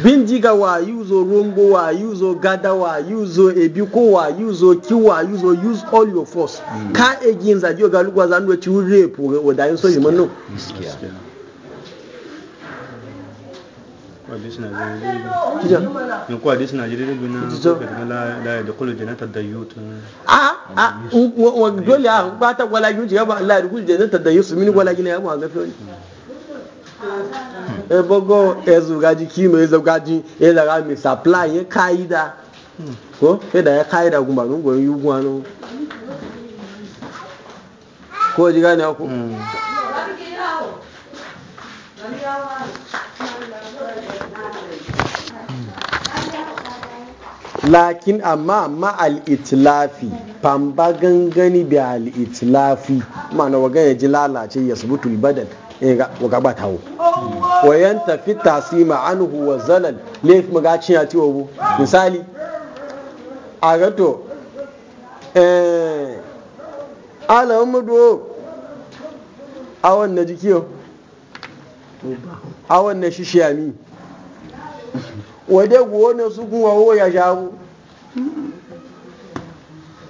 bindiga wa yuzo rongo wa yuzo gada wa yuzo ebiko wa yuzo ki wa yuzo use all your force ka egin za joga lugwa za nwe ti rape o da yin so yimo no a dole a ba ta gwala yuji ya ba Allah ya dukul jannatar da yusu mini gwala gina ya mu a gafe wani ebogo ezugaji kima ezugaji ezaga mi supply ye kaida ko eda ya e kaida kuma lungo e yugwa no ko jiga ne ku lakin amma ma al-itlafi pamba gangani bi al-itlafi ma'ana wa gane ji lalace ya subutul badal Eh, ga ba tawo wayan tafi tasima anhu wa zalal laif mu ga cinya tiwo bu misali a to, eh ala mudo awon na jikiyo awon na shishiyami wade guwo na su kuma wo ya shawo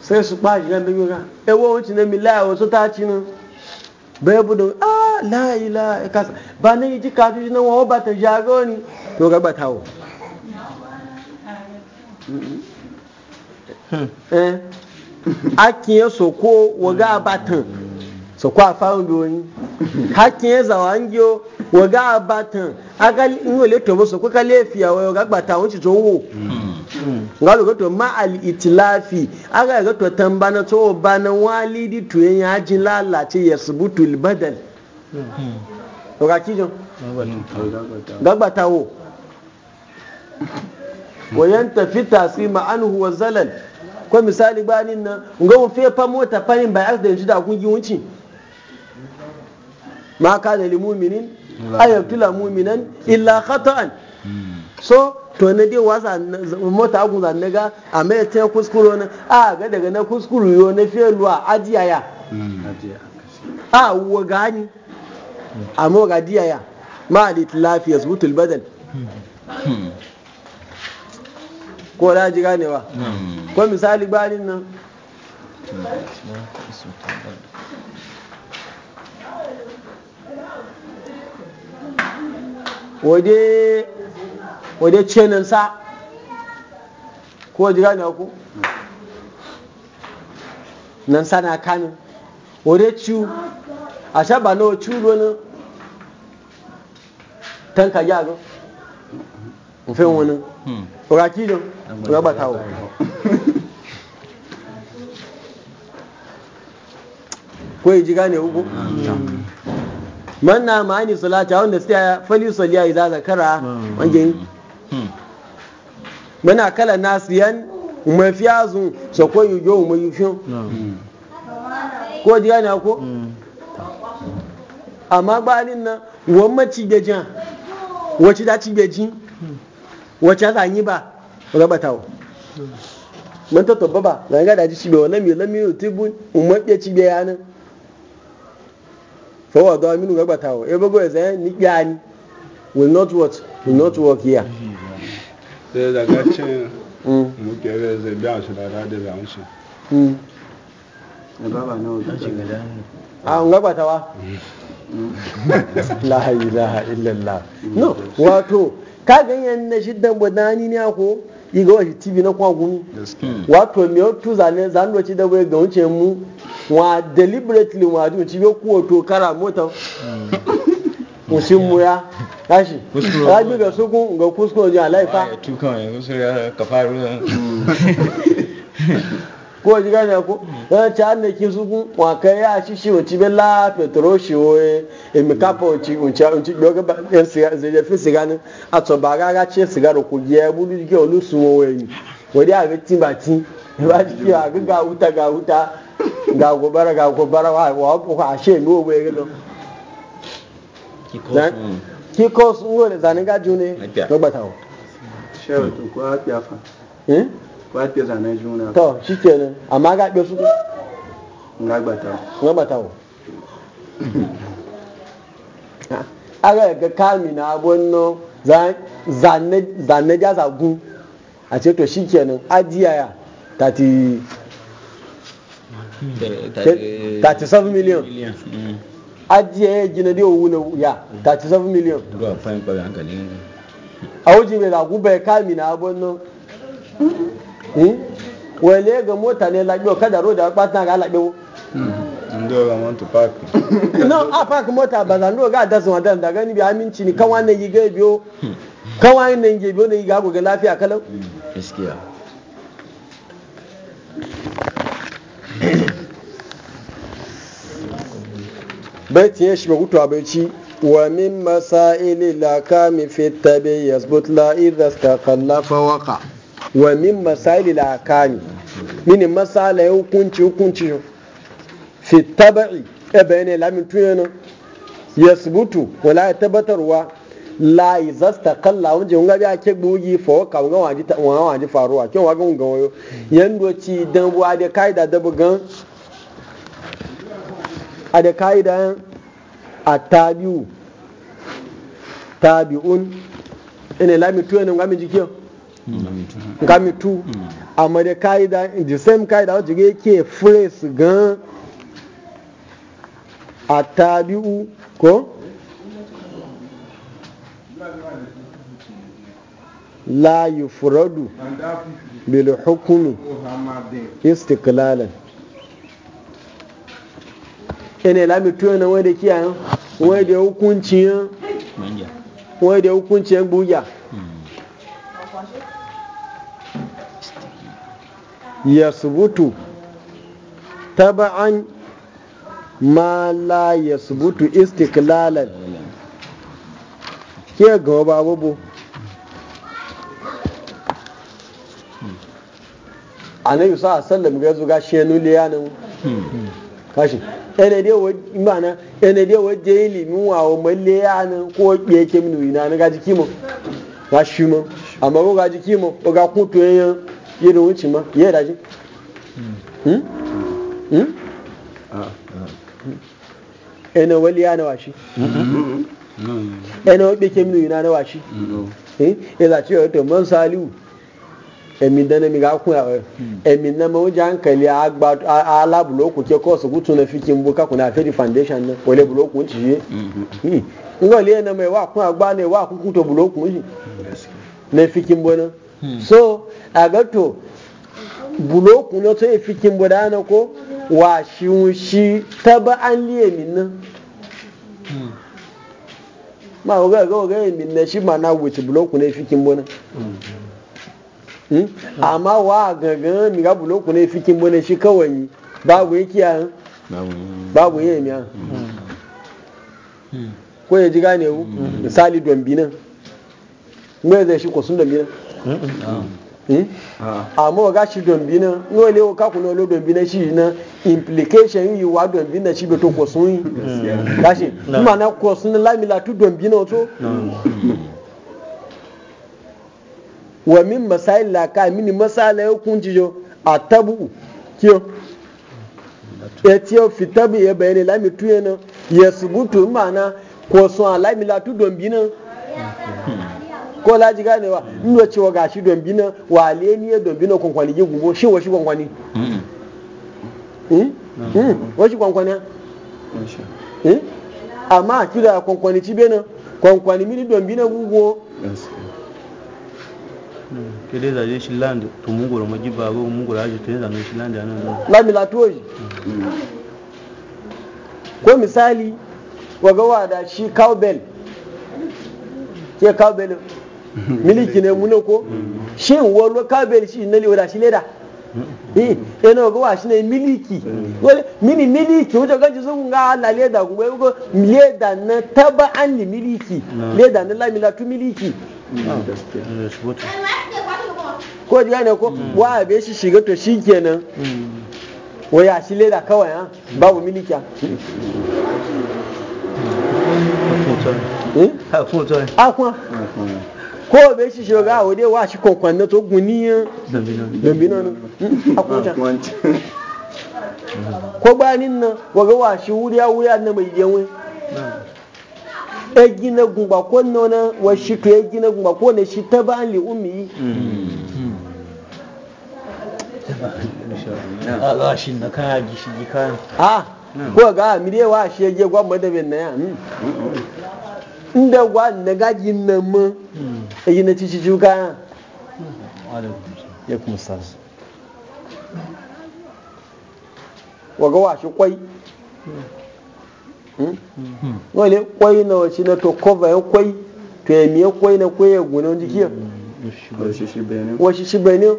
sai su ba shi ganin yura ewo wancin na milaya su ta ci nan babu da ah la ilaha kasa ba nan yi ka ji na wa ba ta jago ni to ga batawo eh akin ya soko waga batan soko a fawon doyin hakin ya zawangiyo waga batan agal in wale to soko ka lefiya wa ga batawo ci zo wo nga lo gato ma al itlafi aga gato tambana to bana walidi to yen yaji lalace yasbutul badal to ga kijo gagbatawo wayan fi tasima anhu wa zalal ko misali banin nan nga mu pa mota fanin bai accident da kungi wuncin ma kana lil mu'minin ayatul mu'minan illa khata'an hmm. so to na dai wasa mota agun za na ga a mai ta kuskuro na a ga daga na kuskuro yo na feluwa ajiya ya hmm. a wa gani amma ga diya ya ma su yasbutul badal hmm. ko da ji ganewa hmm. ko misali bani nan waje wadda cenin sa kowa jira ne ku nan sana kanin wadda ciwo a shaba na ciwo wani tanka yaro? nfin wani hmm. raki don raba tawo ko ji gane ku manna ma'ani salata wanda sai fali saliya idza zakara hmm. wangin Hmm. muna kala nasiyan mafiyazun sako yi yau mai fiye hmm. ko diya ne ko hmm. amma bayanin nan wani maci gajin wacce ta ci gaji wacce za yi ba rabatawa mun ta tabba ba zan ga da ji cibe wannan mai lamin tibun umman ya cibe yanin fawa da minu rabatawa e bago ya zai ni gani will not what will not work here sai da da mm. muke zai zai biya su rada 这大家请，嗯，我给个是两十来他的两十，嗯，那个吧，那我那几个人，啊，我把他吧，la ilaha illallah no wato ka ganyen na shiddan budani ne ko iga wasu tv na kwagun mm. wato me tu zane zan ci da wai ga wuce mu wa deliberately wa ji ci bai kuwa to kara mota mm. musin muya tashi rabi ga suku ga ji alaifa ko ji gane ko ran ta ne ki suku ya shi shi wuci be la shi oye e mi kapo uci uncha unci fi siga ni ba ga ga che siga je bulu olusu o e ni wori a be ti. ba tin ba ji ga ga ga gobara ga gobara o ga kikos ngole hmm. zane ga june to gbatawo shehu eh? amma ga gbe su nga nga gbatawo aga ga kami na abonno zane zane ja zagun a to shikenan ajiya ya 30 37 ajiye gina da yau wuna ya 37 miliyan a wuji mai lagu bai kami na abin nan hmm? hmm? wale ga mota ne lagu kada roda kwatan ga lagu hmm. ndo ga montu park no a park mota ba zan ga da zuwa dan daga ni bi aminci ni kan wannan yi ga biyo kan wannan yi biyo ne yi ga lafiya kalau gaskiya baitin ya shiga gutu abinci wa min masaili la kami fi tabi yasbut la idza fa waqa wa min kami min masala ya hukunci hukunci fi tabi e bayane lamin tuyana yasbutu wala ya tabbatarwa la idza istaqalla wanje unga bi ake fa waqa unga waji faruwa kin waga unga wayo yando ci dan wa da kaida da bugan a da yin a tabi'u tabi'un ina lamitu yana ngami jikiyar ngami A ma da ka'ida the same ka'ida wacce ga yake phrase gan a tabi'u ko la furadu, bil hukunu, istiklalan ene lami tuyo na wede kiya wanda ya hukunci hmm. wanda ya hukunci yan buya ya subutu taba'an ma la hmm. ya subutu istiklalan ke gaba ba abubu a na yi sa sallam hmm. ga zuga shenu ya nuliya kashi ene dia wa imana ene dia wa jeli ilimin wa o malle ya nan ko be ke minu ina na gaji kimo ga shi mo amma ko gaji kimo ko ga kuto yan yero wuci ma ye daji hmm hmm ene wali ya hmm? na washi ene wa be ke minu ina na washi eh ila ce to man saliu emi dana mi ga kun yawe hmm. emi na ma wuce hankali a agba ala buloku ke ko su gutu na fikin buka kuna fedi foundation na wale buloku ci ye mm-hmm. hmm. nga le na mai wa kun agba ne wa kun kuto buloku shi na fikin bona hmm. so a ga to buloku na to e fikin bona na ko wa shi shi taba an liye min na. ma ga ga ga min na shi ma na wuce buloku na e fikin bona Hmm? amma wa gangan mi ga bulo kuna fi kin bane shi kawai babu yake ya hmm? babu yake miya hmm. ko ya ji gane wu misali don binan mai zai shi kwasun don binan ah. ah. amma wa gashi don binan no le ka kuna lo don binan shi na implication yi wa don binan shi beto kwasun yi gashi kuma na kwasun lamila tu don binan to wa min masail la ka mini masala ya kunji yo atabu kiyo ya e tiyo fitabu ya bayani lami tuye na ya subutu mana ko son alami la tu don bi na ko laji ganewa in da cewa gashi don bi na wa ni ye don bi na kwankwani ji gubo shi wa shi kwankwani hmm? hmm? wa shi kwankwani amma hmm? a kira kwankwani ci bena kwankwani mini don bi na gugo kedeza je shilande tumungura majiba abo mungura aje tenza shi shilande anan lami latoji ko misali waga wada shi cowbell ke cowbell miliki ne muna ko shi wallo cowbell shi ne liwa shi leda eh eno go shi ne miliki wale mini miliki wajen ganji sun ga la leda kuma ko leda na taba an miliki leda na lamila tu miliki ko ji gane ko mm. wa abe shi shiga to shi kenan mm. waya shi leda kawai ha babu milikiya mm. eh? akwa ko obe shi shiga a wade wa shi kokon na to ya dambina nan akwata ko gbanin nan waga wa shi wuriya wuriya na mai yawon egina gumba ko nona wa shi ka egina gumba ko ne shi ta ba li umi a shi na ji shi ji ko ga mirewa shi yage gwamba da bin na ya hmm. Hmm. inda gwa na gaji na mu hmm. yi na ci ci kana ya kuma sa wa shi kwai wale kwai na wace na to kova ya kwai to ya miye kwai na kwai ya gona jikiyar shi bayanin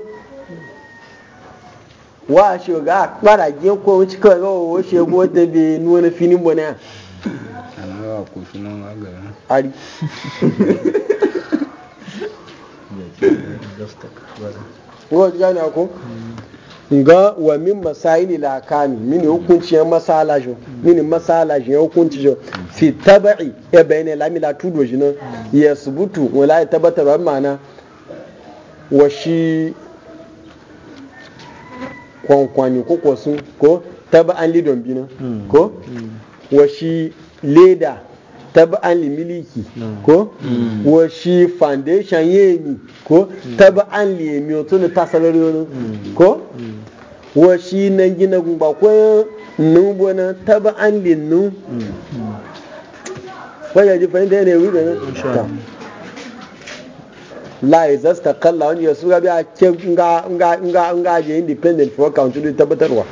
wa shoga a kwarage ko wuce kawai ga wawo shego wadda bai nuna finin bane a alawa ko sunan agara ari wajen gani ako ga wa min masaili la kami min hukunci ya masala jo min masala jo hukunci jo fi tabai e bayne la mi la tudo jino yasbutu wala tabata ba mana wa shi kwankwani ko ko sun ko taba an lidon bina hmm. ko hmm. leda taba an li miliki hmm. ko washi foundation yemi ko taba an li yemi otu ne tasalari wani ko washi na gina gumba ko nubo na taba an li nu fahimta la ya zasta kalla wani yasu gabi a ke nga ajiye independent for country da tabbatarwa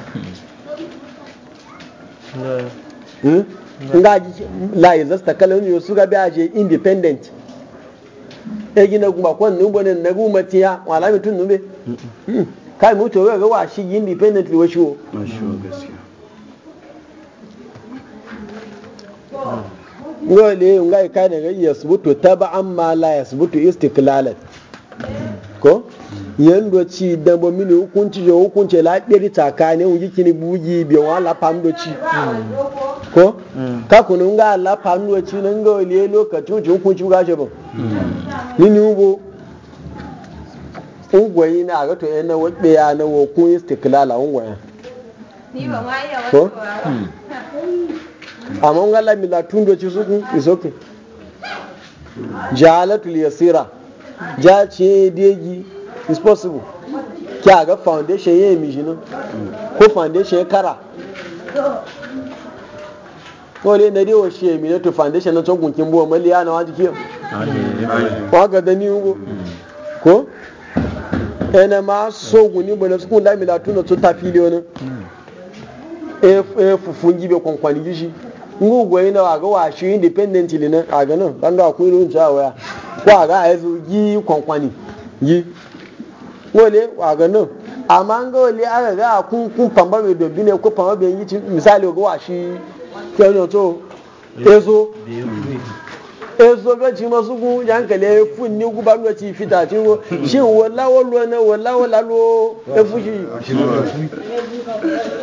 hmm? Hmm? nga la ya zasta kalla wani yasu gabi a ajiye independent e gina kuma kwan nubo ne na guma tiya wala mutum nube hmm, kai mutu ga wa shi independent wa shi o? wale nga ya kai daga ya subutu taba'an ma la ya subutu istiklalat ko yando ci da bo mini hukunci jo hukunce la diri takane uji kini buji bi wa la pando ci ko mm. ka kunu nga la pando ci nan ga wani lokacin ji hukunci ga shi ba nini ubo ungwayi na ga to yana wabe ya na wo kun istiklala ungwayi ni ba ma ya wato mm. amma wani Allah mila tun doci suku ok jalatul yasira ja ce degi is possible kya ga foundation yayi mi jinin ko foundation ya kara kawai na dewa shi ya na to foundation na can kunkin buwa maliya na wani ko haka da ni ugo ko Ena ma so guni bana su kun tun tuna to tafili wani e, e fufun gibe kwankwani gishi ngo gwai na waga wa shi independently na kaga nan dan ga ku irin ta waya ko ga ai zo yi kwankwani yi wole waga nan amma ga wole aga ga kun kun pamba be do bine ko pamba be yi misali ga wa shi ke to ezo e so gaci masu ya funni gubalwa ci fita ci wo shin wala wala na wala wala lo e fushi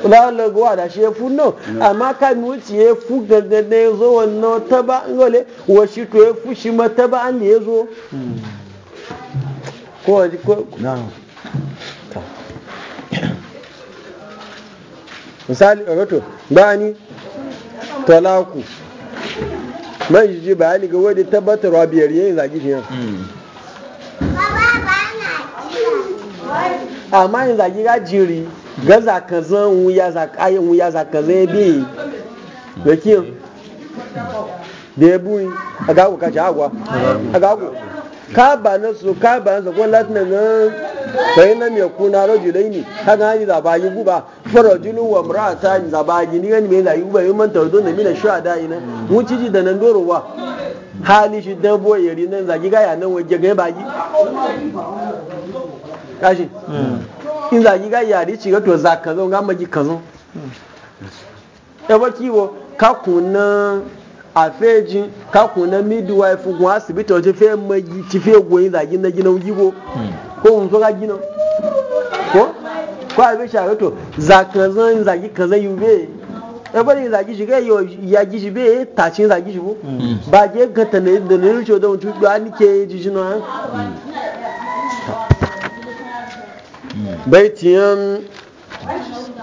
wala lo gwa da shi funno no amma ka nuci ya fu gaga ne zo wannan taba ngole wa shi to e fushi ma taba an ne zo ko ko na misali roto bani talaku man shi ji bayani ga wadda wa biyar yayin zagi shi yan hmm. amma yin zagi ga jiri ga zakazan wuya zakayin wuya zakazan ya bi da kiyan da ya buyi a gagu kashi agwa a gago ka ba na su ka ba na su ko latina na sai na mai kuna rajulai ne haka hani da ba yugu ba fa rajulu wa mar'ata ni zabayi ba gini gani me la yugu ba yumman tardo na mina shuhada ina wuci ji da nan dorowa hali shi dan boyeri nan zagi gaya nan waje ga baki kashi hmm. in zagi gaya yari ci ga to zaka zo ga maji kazo e ba kiwo ka a feji kaku na midwife kun asibiti wace fe magi ci fe goyi za gina gina gibo hmm. ko mun so ka gina ko ko a bishi a to za ka zan zagi ka zai yi be e bari zagi shi kai ya gishi be tashin za shi bu hmm. ba je ka ta ne da ne rucho da mutu ba ni ke jiji hmm. no Bai tiyan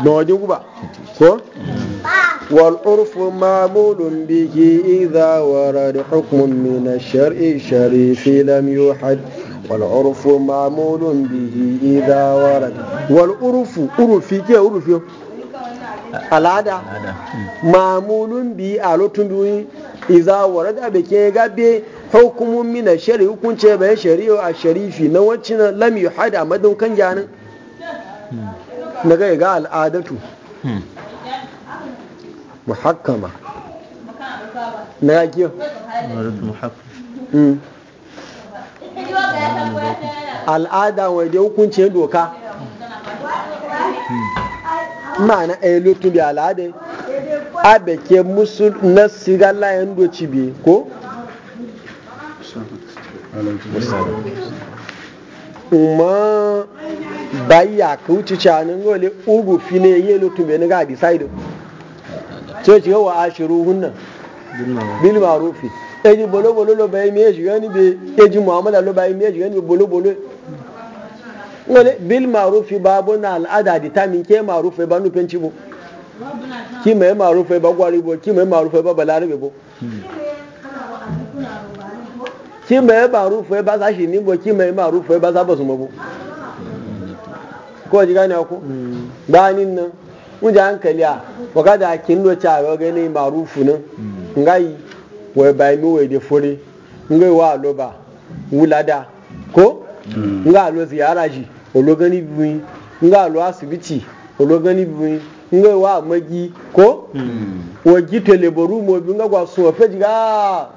ba wajen guba ko والعرف معمول به إذا ورد حكم من الشرع الشريف لم يحد والعرف معمول به إذا ورد والعرف عرف كي عرف al'ada mamulun bi a lotun biyu iza warad a bikin gabe hukumun mina shari hukunce bayan shari'a a sharifi na wancin lam yuhad a madaukan janin na ga al'adatu muhakkama na yaki hmm. al'ada wadda hukuncin doka ma'ana a eh, yi lotun da al'ada a beke musu na sigala yan doci bi ko? umar bayi a kawuci canin gole urufi ne yi lotun bai ni ga decide sai wa yawa ashiru hunnan bil marufi eji bolo bolo lo bayi be eji mu'amala lo bayi bolo bolo bil marufi babu na al'ada ta min ke marufi ba nufin bo ki mai ba gwari bo ki mai marufe ba balarabe bo ki mai ba sa ni bo ki mai ba sa ba bo. ko ji gane ku mm. nan wuce hankali a waka da kin lo cha ga gani marufu nan ngai wai bai mi wai da fure ngai wa loba wulada ko mm. nga lo ziyara ji olo gani bi lo asibiti olo gani bi ngai wa magi ko mm. wa gitele boru mo bi nga gwa so fe ji ga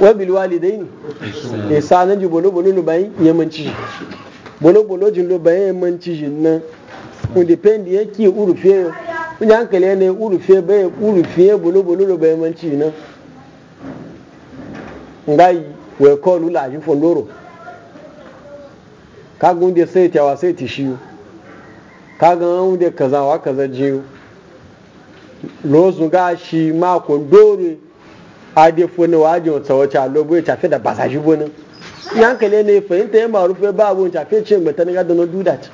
wa bil walidaini ihsanan ji bolo bolo bayin yamanci bolo bolo jin lo bayan yamanci jin nan kun depend yake urufe kun ji hankali ne urufe bayan urufe bolo bolo lo bayin yamanci nan ngai we ko lula ji fondoro kagun da sai tawa sai shi kagan an da kazawa kaza jiyo lozun gashi makon dore ade fone waje ta wace a lobo ya fe da basa shi bonin yankale ne fahimta ya maru fa ba abun fe ce mata ga da no duda ce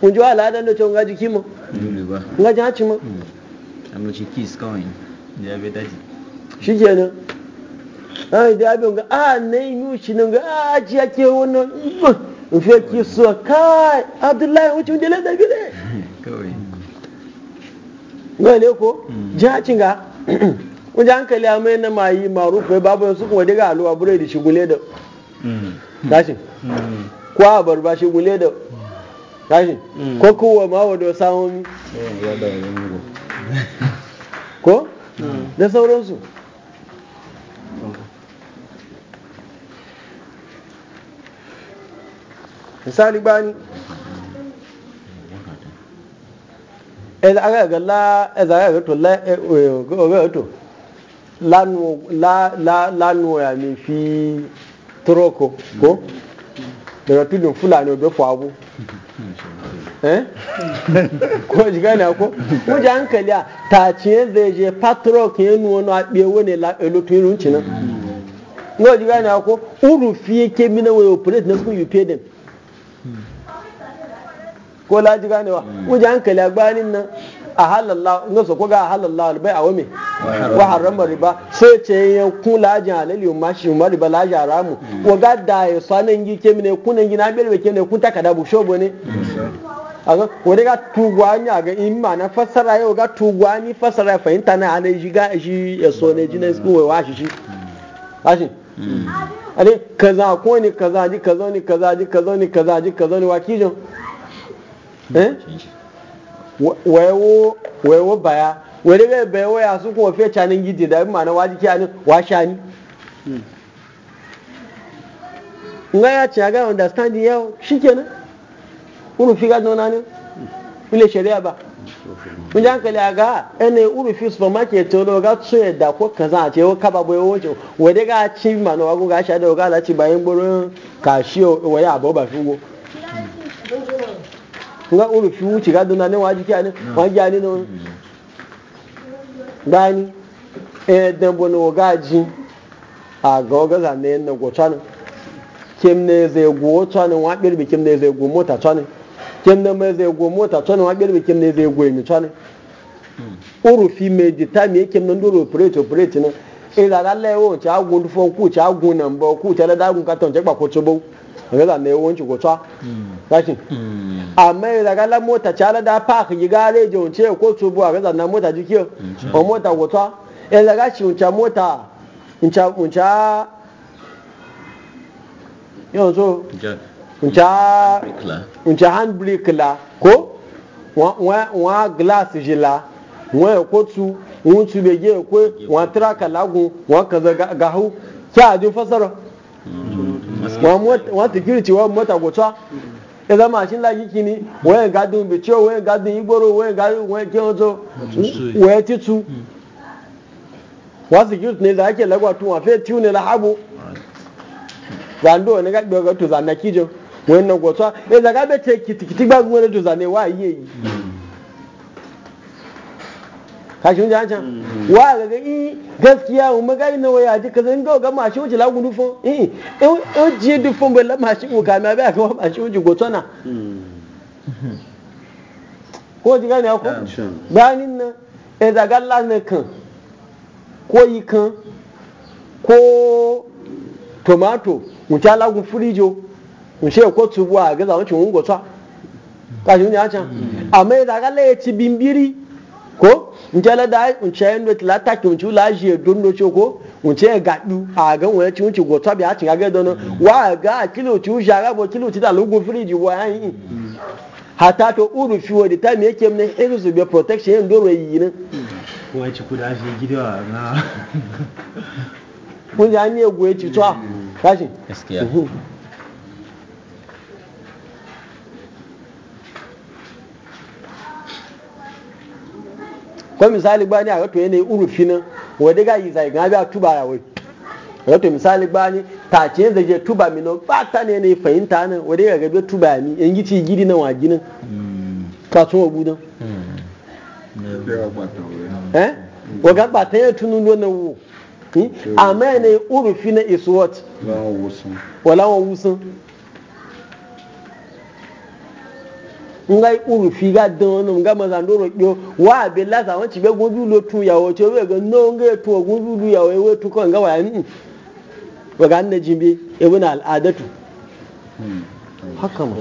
kun ji wa al'adar da cewa gaji kima gaji haci ma amince hmm. kis kawai da be da ji shi kenan ai da abin ga a ne yi shi nan ga a ji ake wannan mm, mm. in fe ki so kai abdullahi wuce wunde da ne kawai ne ko jihacin ga wajen hankali a mai na mayi marufu babu yansu kuma daga aluwa bure da shigule da mm. tashi mm. Mm. ko a barba shigule da tashi ko kowa ma wado samun eh, ko da sauransu misali bani ẹ̀dá agàgà lá ẹ̀dá agàgà tó lá ọ̀gá tó lánú àmì fi ko kó daga tudun fulani obe fagu eh? ko ji gane ko wuce hankali a taciye zai je patrok ya nuna wani la, wani e elotun runci nan ko ji gane ko urufi yake mina wai operate na sun yi pay them ko laji ganewa mm. wuje hankali agbanin nan a halallah in so ko ga halallah albai a wame wa harama riba sai ce ya kun lajin halali ma shi ma riba laji haramu mm. wa ga da ya sanan gi ke mine kunan gina na belbe ke ne kun takada bu shobo ne mm. aga wani ga tugwani aga in ma na fassara yau ga tugwani fassara fahimta na halai shi ga shi ya so ne jinan su wai shi shi washi ale kaza ko ne kaza ji kaza ne kaza ji kaza ne kaza ji kaza ne wa kijin wee eh? wo baya were be be we asu ko fe chanin da ma na waji kani wa shani nga ya ci aga understanding yau shikenan uru fi ne ile shari'a ba mun hankali a ene uru fi supermarket to lo tsoye da ko kaza a ce wo kaba boye wo ce wede ga ci ma na wago ga ba fi nga urufi wuce ga duna ne waji kiyani mm. waji ani no gani eh dan bono gaji a ga ga zane na gocan kim ne zai go tsan wa birbi kim ne zai go mota tsan kim ne mai zai go mota tsan wa birbi kim ne zai go mi mm. urufi me jita me kim operate operate na ila e lalle wo cha gun fo ku cha gun nan ku da gun ka ton je pa ko chobo ga za ne wanki ko tsa lakin amma ya daga la mota chala da park yi gare je once ko tubu a ga za na mota jiki? A mota ko tsa ya e daga shi unca mota unca unca yau so unca unca handbrake la ko wa wa glass jila wa ko tu wun tu bege ko wa traka lagun wa kaza gahu kya ji fasara mm. wọ́n ti kiri tí wọ́n mọ́ta kò tọ́ ẹ̀ka màṣín láyé kìíní wọ́n yẹn gádùn ibi tí yẹn gádùn ìgboro wọ́n yẹn gádùn wọ́n yẹn kí tó wọ́n yẹn títú wọ́n ti kiri tí nílẹ̀ tó wọ́n fẹ́ tí wani ga tó zanakíjọ wọ́n yẹn nà kò tọ́ ẹ̀ka bẹ́ẹ̀ tẹ kìtìkìtì gbàgbọ́n wọ́n yẹn yìí hmm. kashin can, mm-hmm. wa ga ga i gaskiya mu magai na waya ji kaza ndo ga mashi wuce lagu dufo eh o ji dufo ba la mashi mu ka na ba ka mashi wuce gotona mm-hmm. ko ji gane ko bayanin na e eh, da galla ne kan ko yi kan ko tomato mu ta lagu furijo mu she ko tubuwa ga zawo cin gotsa kashin jancin mm-hmm. amma da galla ya ci bimbiri ko njala da nche ndo tla ta ki nchu la je do ndo choko nche ga du a ga won ti nchu go tabi a ti ga ga dono wa ga kilo ti u jara bo kilo ti da lo go friji wa yin hata to uru fi wo di time yake mne hirzu e be protection e ndo ro yi ne wa ku da je na kun ja ni egwe to gaskiya ko misali gbani a rato yanayi urufi nan wadda ga yi zai gabi a tuba ya wai rato misali gbani ta ce yanzu je tuba mi nan ba ta ne yanayi fahimta nan wadda ga gabe tuba ya mi yan gici gidi nan wa ginin hmm. ta tun wagu nan hmm. eh waga ba ta yi tunun lona wo hmm? amma yanayi urufi na is what wala wa wusun nga urufi ga dono nga mazando rokyo wa be laza won ti be gunju lo tu yawo ti we gan no nga tu o, lu yawo we tu ko nga wa ni wa ga ne jimbi ibn al adatu hmm. haka mu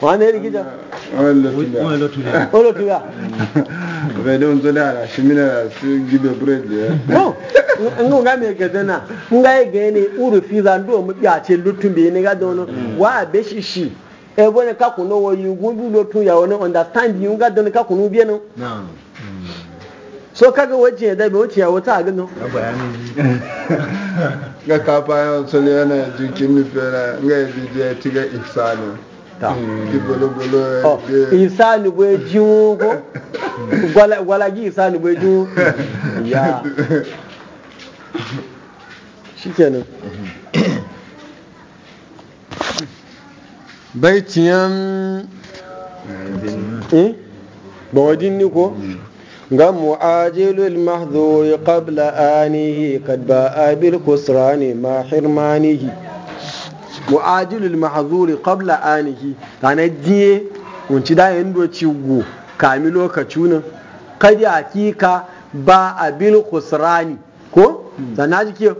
wane rigida olo tuya vede un zole ala shimina su gido bread ya ngo ga me ga dana nga e ga ne uru fi za ndo mu ya ce lutun bi ne ga dono wa be shishi e bone ka kuno wo yugun bi lutun ya wona understand yu ga dono ka kunu bi no so kaga wacce ya dame wacce ya wuta a gano ga ka bayan ne yana jikin mifera ga ya bidi ya tiga insani ta gbologolo insani bai eh? jiwo ko gwalagi insani bai jiwo ya shi shikenan baitiyan ba wajen ni ko ga mu'ajilul mahzuri qabla anihi kad ba'a bil kusrani ma hirmanihi mu'ajilul mahzuri qabla anihi tana diye unci da yando ciwo kami lokaci nan kadi hakika ba abil kusrani ko da na ji ke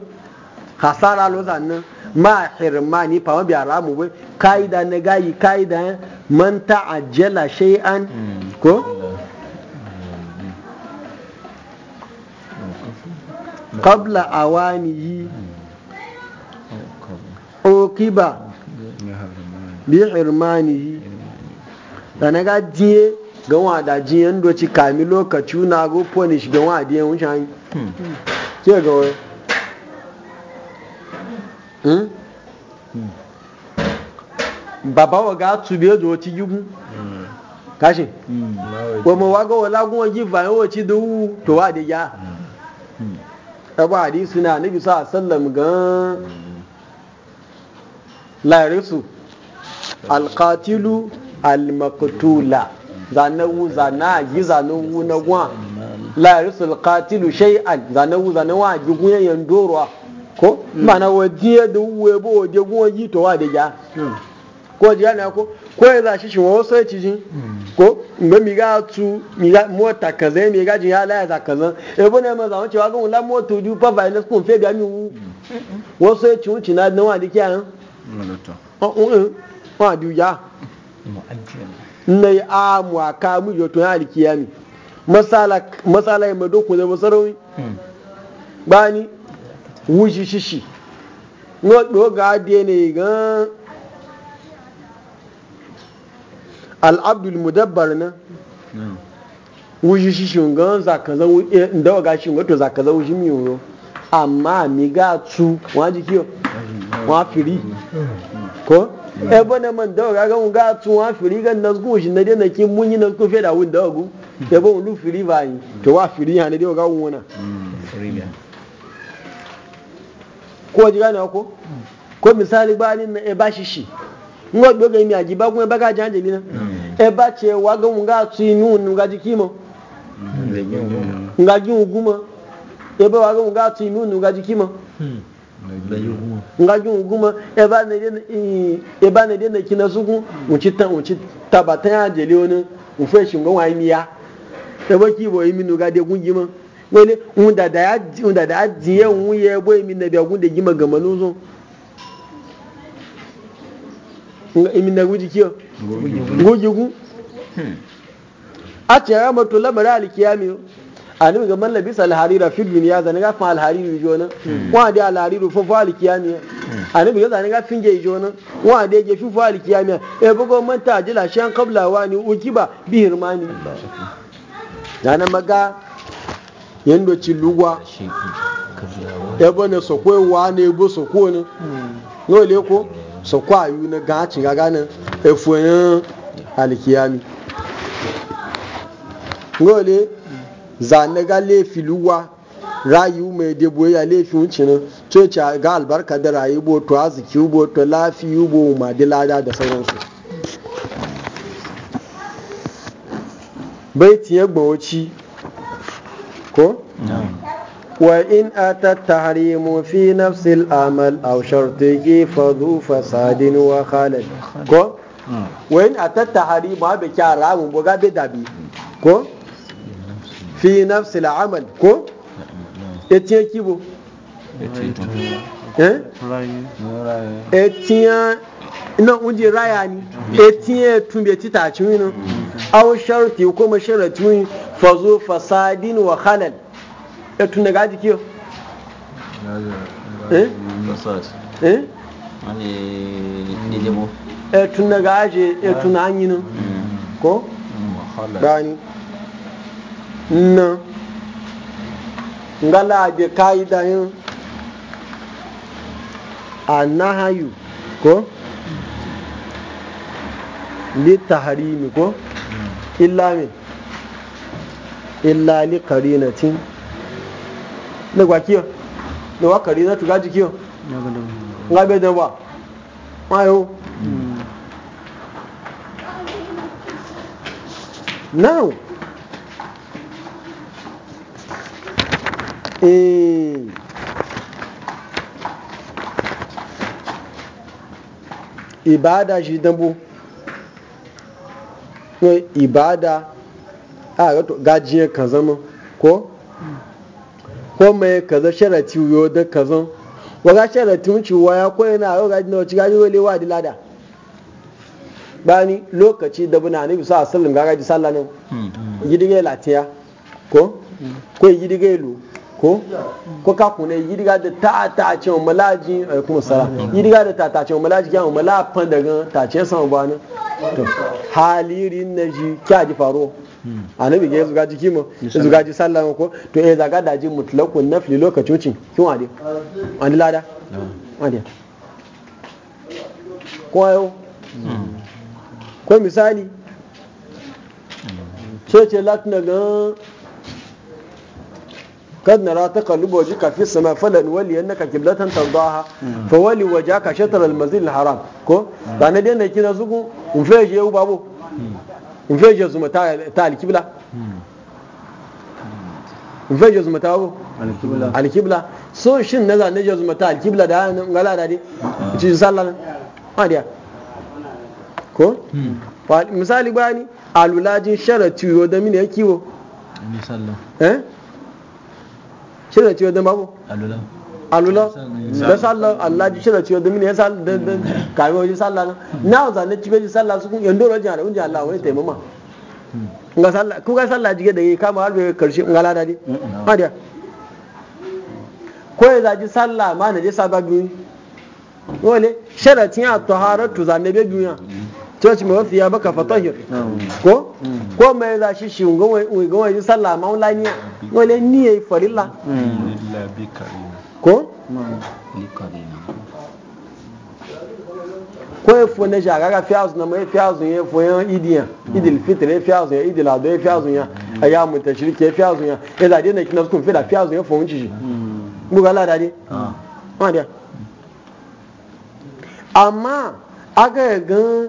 hasara lozan nan ma hirmani fa mabiya ramu bai kaida na gayi kaida man ta'ajjala shay'an ko qabla awanihi uqiba bi hirmanihi da na ga jiye ga wada jiyan doci kami lokaci na go punish ga wada yan wucin ke ga wai hmm? baba wa ga tube doci yugun kashi hmm. Hmm. wa mu waga wala gun wa gifa yawanci da to wa da ya ɗaba hadisi na nabi sa sallam gan larisu alƙatilu almaktula zanewu zana yi zanawu na gwa larisu alkatilu zanewu zanewa a ji gunyen yandorwa ko hmm. mana wadiye da wuwe bo waje gunwa yi to wa da ja hmm. ko ji yana ko Mm. ko ya zashi shi wawo sai ci ko ga mi ga tu mi ga mota kaza mi ga jin ya la za kaza e ne ma za wuce wa ga la mota ju pa ba ne kun fe ga mi wu mm. wo sai ci wuce na na wa di kiyan mm, o o wa di ya ne a mu aka mu yo to ya di kiyami masala masala ma do ku da basarawi bani wuji shishi ngo do ga de ne gan al'abdul mudabbar na wuji shi shungan zakazan wuɗe eh, inda waga shi wato zakazan wuji mi yoyo amma mi ga tu wa jiki wa firi ko e bana man da waga ga ga tu wa firi ga nasgu shi na dai na kin mun yi nasgu fe da wun da gu da ba lu firi ba yi to wa firi ya ne dai waga wuna ko ji na ko ko misali ba ni na e shi shi ngo do ga mi aji ba kuma ba ga janje bi na mm. e ba ce wa ga mun ga tsi nu nu ga jiki mo nga ji ugu mm. mo e wa ga mun ga tsi nu nu ga jiki mo nga ji ugu hmm. mo e ba ne de na e kina suku mu tabata ta mu ci ta ba ta ya je le wani mu fe shi ngo wa mi ya e ba ki bo mi nu de gun ji wele un da da ya un da da ye un ye bo na bi agun de ji ma ga imi na guji kiyo guji gu a ce ya mutu lamari alkiyami a nufi ga mallabi sa alharira fi duniya zane ga fin alhariru jona wa da alhariru fa fa alkiyami a nufi ga zane ga fin ge jona wa da ge fi fa alkiyami e bugo manta ajila shan kabla wa ni ukiba bi hirmani dana maga yando ci lugwa ebe ne sokwe wa ne ebo sokwe ne yau le ko so kwa na gacin ga ganin efoyin alkiyami ngole zane ga laifi luwa rayu mai debo a laifi wucin coci ga albarka da rayu boto arziki boto lafi bo madi lada da sauransu bai ya e gbawoci ko? وإن أتى التحريم في نفس العمل أو شرطه فذو فساد وخلل كو وإن أتى التحريم هذا كرام بغا بدبي كو في نفس العمل كو etiyan kibo etiyan ina unje raya ni etiyan tumbe tita ciwinu au sharti ko masharati fazu fasadin wa khalal ya eh? eh? eh? tun daga jiki eh eh ya tun daga aje ya tun hanyinin ko rani nan ngala abe ka'ida yin annahayu ko litaharimi ko illa min karinatin na gwa kiyo na wa kari za tu gaji kiyo nga be da ba mayo now eh ibada shi dambu ibada a gajiyar kan zama ko ko mai kaza sharati yo da kazan waga mu ci ciwa ya ko yana yau ga dinawa ciga yo wa di lada bani lokaci da buna nabi sa sallam ga gaji sallah nan hmm. gidige latiya ko hmm. ko gidige lu ko ko ka kuna yidiga da ta ta ce malaji eh, kuma sara yidiga hmm. da ta ta ce malaji la malafan daga ta ce san bana to halirin naji kya ji faruwa Hmm. annabi ke zuga jiki mu ya zuga ji sallah ko to eh zaga da ji mutlaqu nafli lokacin cin kin wade wani lada wade ko ayo hmm. ko misali ce ce latna ga kad nara ta kalubo ji kafi sama falan wali yanna ka kiblatan tardaha hmm. fa wali waje ka al mazil haram ko ba na dai ne kina in un fe je u babo in fiye ya zuma ta alkibla in fiye ya zuma ta wo alkibla so shin na zane ya zuma ta alkibla da hannun gala da dai ci sallan adiya ko hmm. misali bayani alulajin sharatu yau da mini ya kiwo eh sharatu yau da babu alula Alula, da sallan Allah ji shirar cewa domin ya sallan don kawai wajen sallan na wa zane cibe ji sallan su kun yan doro jihar unji Allah wani taimama kuka hmm. ga sallan jige da hmm, hmm. ya kama harbe karshe in gala dadi madiya ko ya zaji sallan ma na je saba biyu wale sharatin ya tu zane bai biyu coci mai wasu ya baka fatahir ko ko mai za shi shi gawai ji sallan ma wani laniya wale ni ya yi farilla ko efo na jaga ga fiyazu na mai fiyazu ya efo yan idiyan idil fitr ya fiyazu ya idil ado ya fiyazu mm. ya mu ta shirke ya fiyazu ya ya e zade na kina sun fida fiyazu ya fon ci mm. mu ga lada ne ah. ma da amma aga gan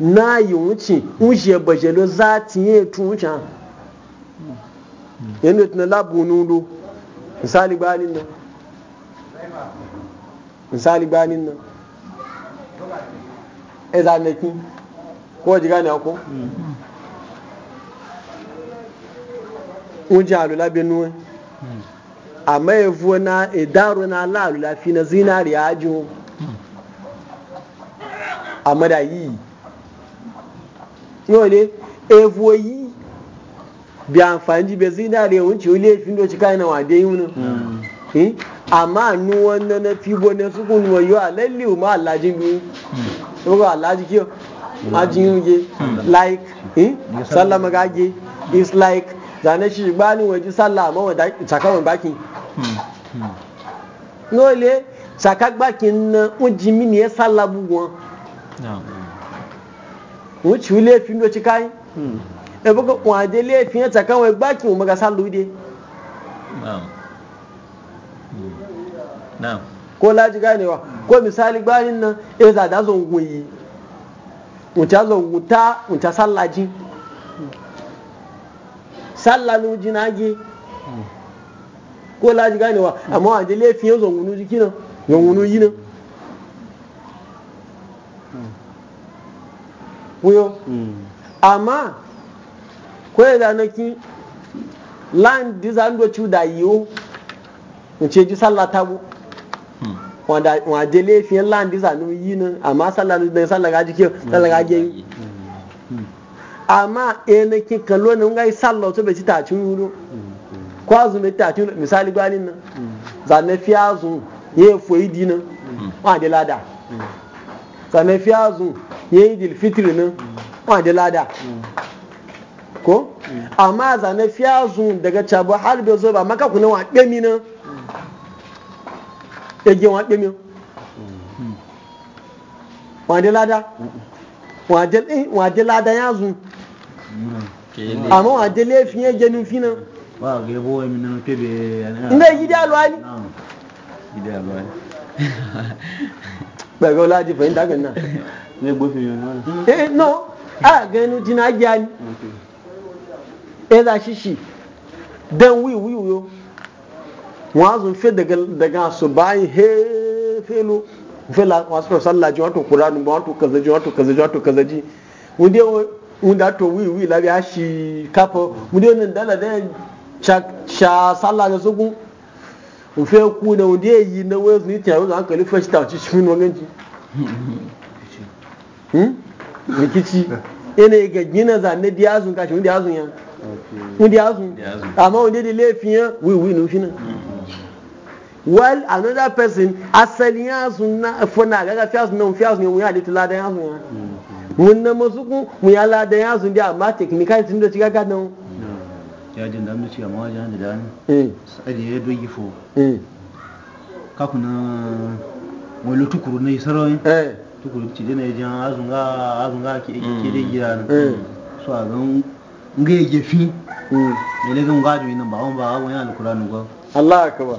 na yi wuce wuce bajelo za ta yi tun wuce mm. yadda tuna labu nulo misali bayanin nan misali banin nan e eh, zanaki ko ji gane ko wujin alula benuwe amma ya na idaru na ala alula fi na zinari ya ajiyo amma da yi yau ne evoyi yi bi amfani ji be zinari ya wuce wule fi ndo ci kayan na wade yi wunan hmm. hmm? amma nuwan na na fi gona su kun wayo a lalliu ma alhaji biyu ɗaukar alhaji kiyo ajin yuge like eh? sallah magage is like zane shi ba ni waje sallah amma wadda tsakawan bakin nole tsakak bakin na uji mini ya sallah buguwa wuce wule fi ndo ci kai ɗaukar hmm. e wade laifin ya tsakawan bakin umaga sallu dai ko laji ganewa ko misali gbanin nan e za da zon goyi wuta zon wuta wuta sallaji sallanu jinage ko laji ganewa amma wa dai laifin zon wunu jiki nan zon wunu yi nan wuyo amma ko ya zanaki land zan do ci da yiwu wuce ji sallata bu wa de laifin landi sanu yi nan amma sallar da sallar gaji ke sallar gaji yi amma ene kin kallo ne ngai sallar to bai ci ta cin yulo kwazu mai ta cin misali gwanin nan zanne fiyazu ye foyi di nan wa de lada mm. zanne fiyazu ye dil fitri nan mm. wa de lada mm. ko amma zanne fiyazu daga cabo har bai zo ba maka kuna wa demi nan ẹgbẹ́ wọn pé mi wọn adé ládá wọn adé ládá yá zùn àmọ́ wọn adé lé fi yẹn jẹnu fi náà. kan náà. ní gbófin yẹn náà. ee no a gẹnu tí náà jẹ́ àní. ẹ̀ dà wazun fe daga su bayi he felo fela wasu ko sallah ji wato kura, ba wato kaza ji wato kaza ji wato kaza ji wunde wunda to wi wi la ya shi kafa wunde nan dala da sha sallah da u fe ku da wunde yi na wayar ni tiyaru da kali fresh ta ci shi wannan ji hmm kici ene ga gina diazun ka kashi wunde azun ya wunde azun amma wunde da laifin ya wi wi nufina while another person asali ya suna funa gaga fiya suna fiya suna wuya da tula da ya suna mm-hmm. mun na masu kun mu ya la da ya da amma technical tun da ciga gadan mm-hmm. ya jin da mu ci amma wajen da dan eh sai ya dogi fo eh mm. ka kuna mu lutu kuru ne sarai eh tukuru ci dena jan azunga azunga ki ki mm. da gira eh so a gan ngai gefi ne mm. ne gan gadu ina ba on ba wani alkurani ga Allah akbar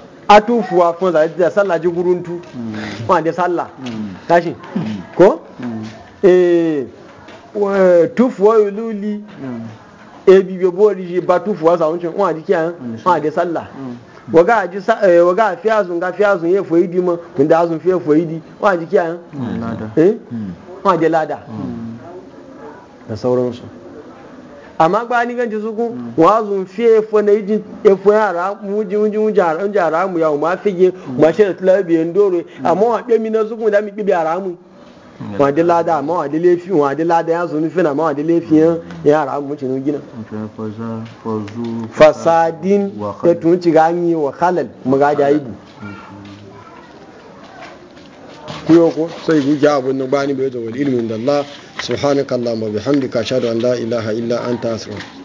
atufuwa kuma za da sallah ji guruntu ma da sallah tashi ko eh, eh tufuwa luli mm. ebi bo riji ba tufuwa sa wancin wa di kiyan wa da sallah waga ji waga fiyazun ga fiyazun ye idi ma kun da azun fiye idi wa di kiyan mm. mm. eh wa da lada da sauransu amma ba ni ganci su ku mm. wa zun fi efo na yi efo yara muji muji muji haram ji haramu ya ma fige ma shi da tulabi yan doro mm. amma wa ɗemi na su ku da mi ƙibi haramu mm. wa di lada amma wa di lefi wa di lada ya zun fi na ma wa di lefi yan ya haramu mu cinu gina fasadin ya tun ci ganyi wa halal mu ga da yi kuyoko sai ku ja abun nan bani bai da wal ilmin da Allah subhanakallahumma bihamdika ashhadu an la ilaha illa anta astaghfiruka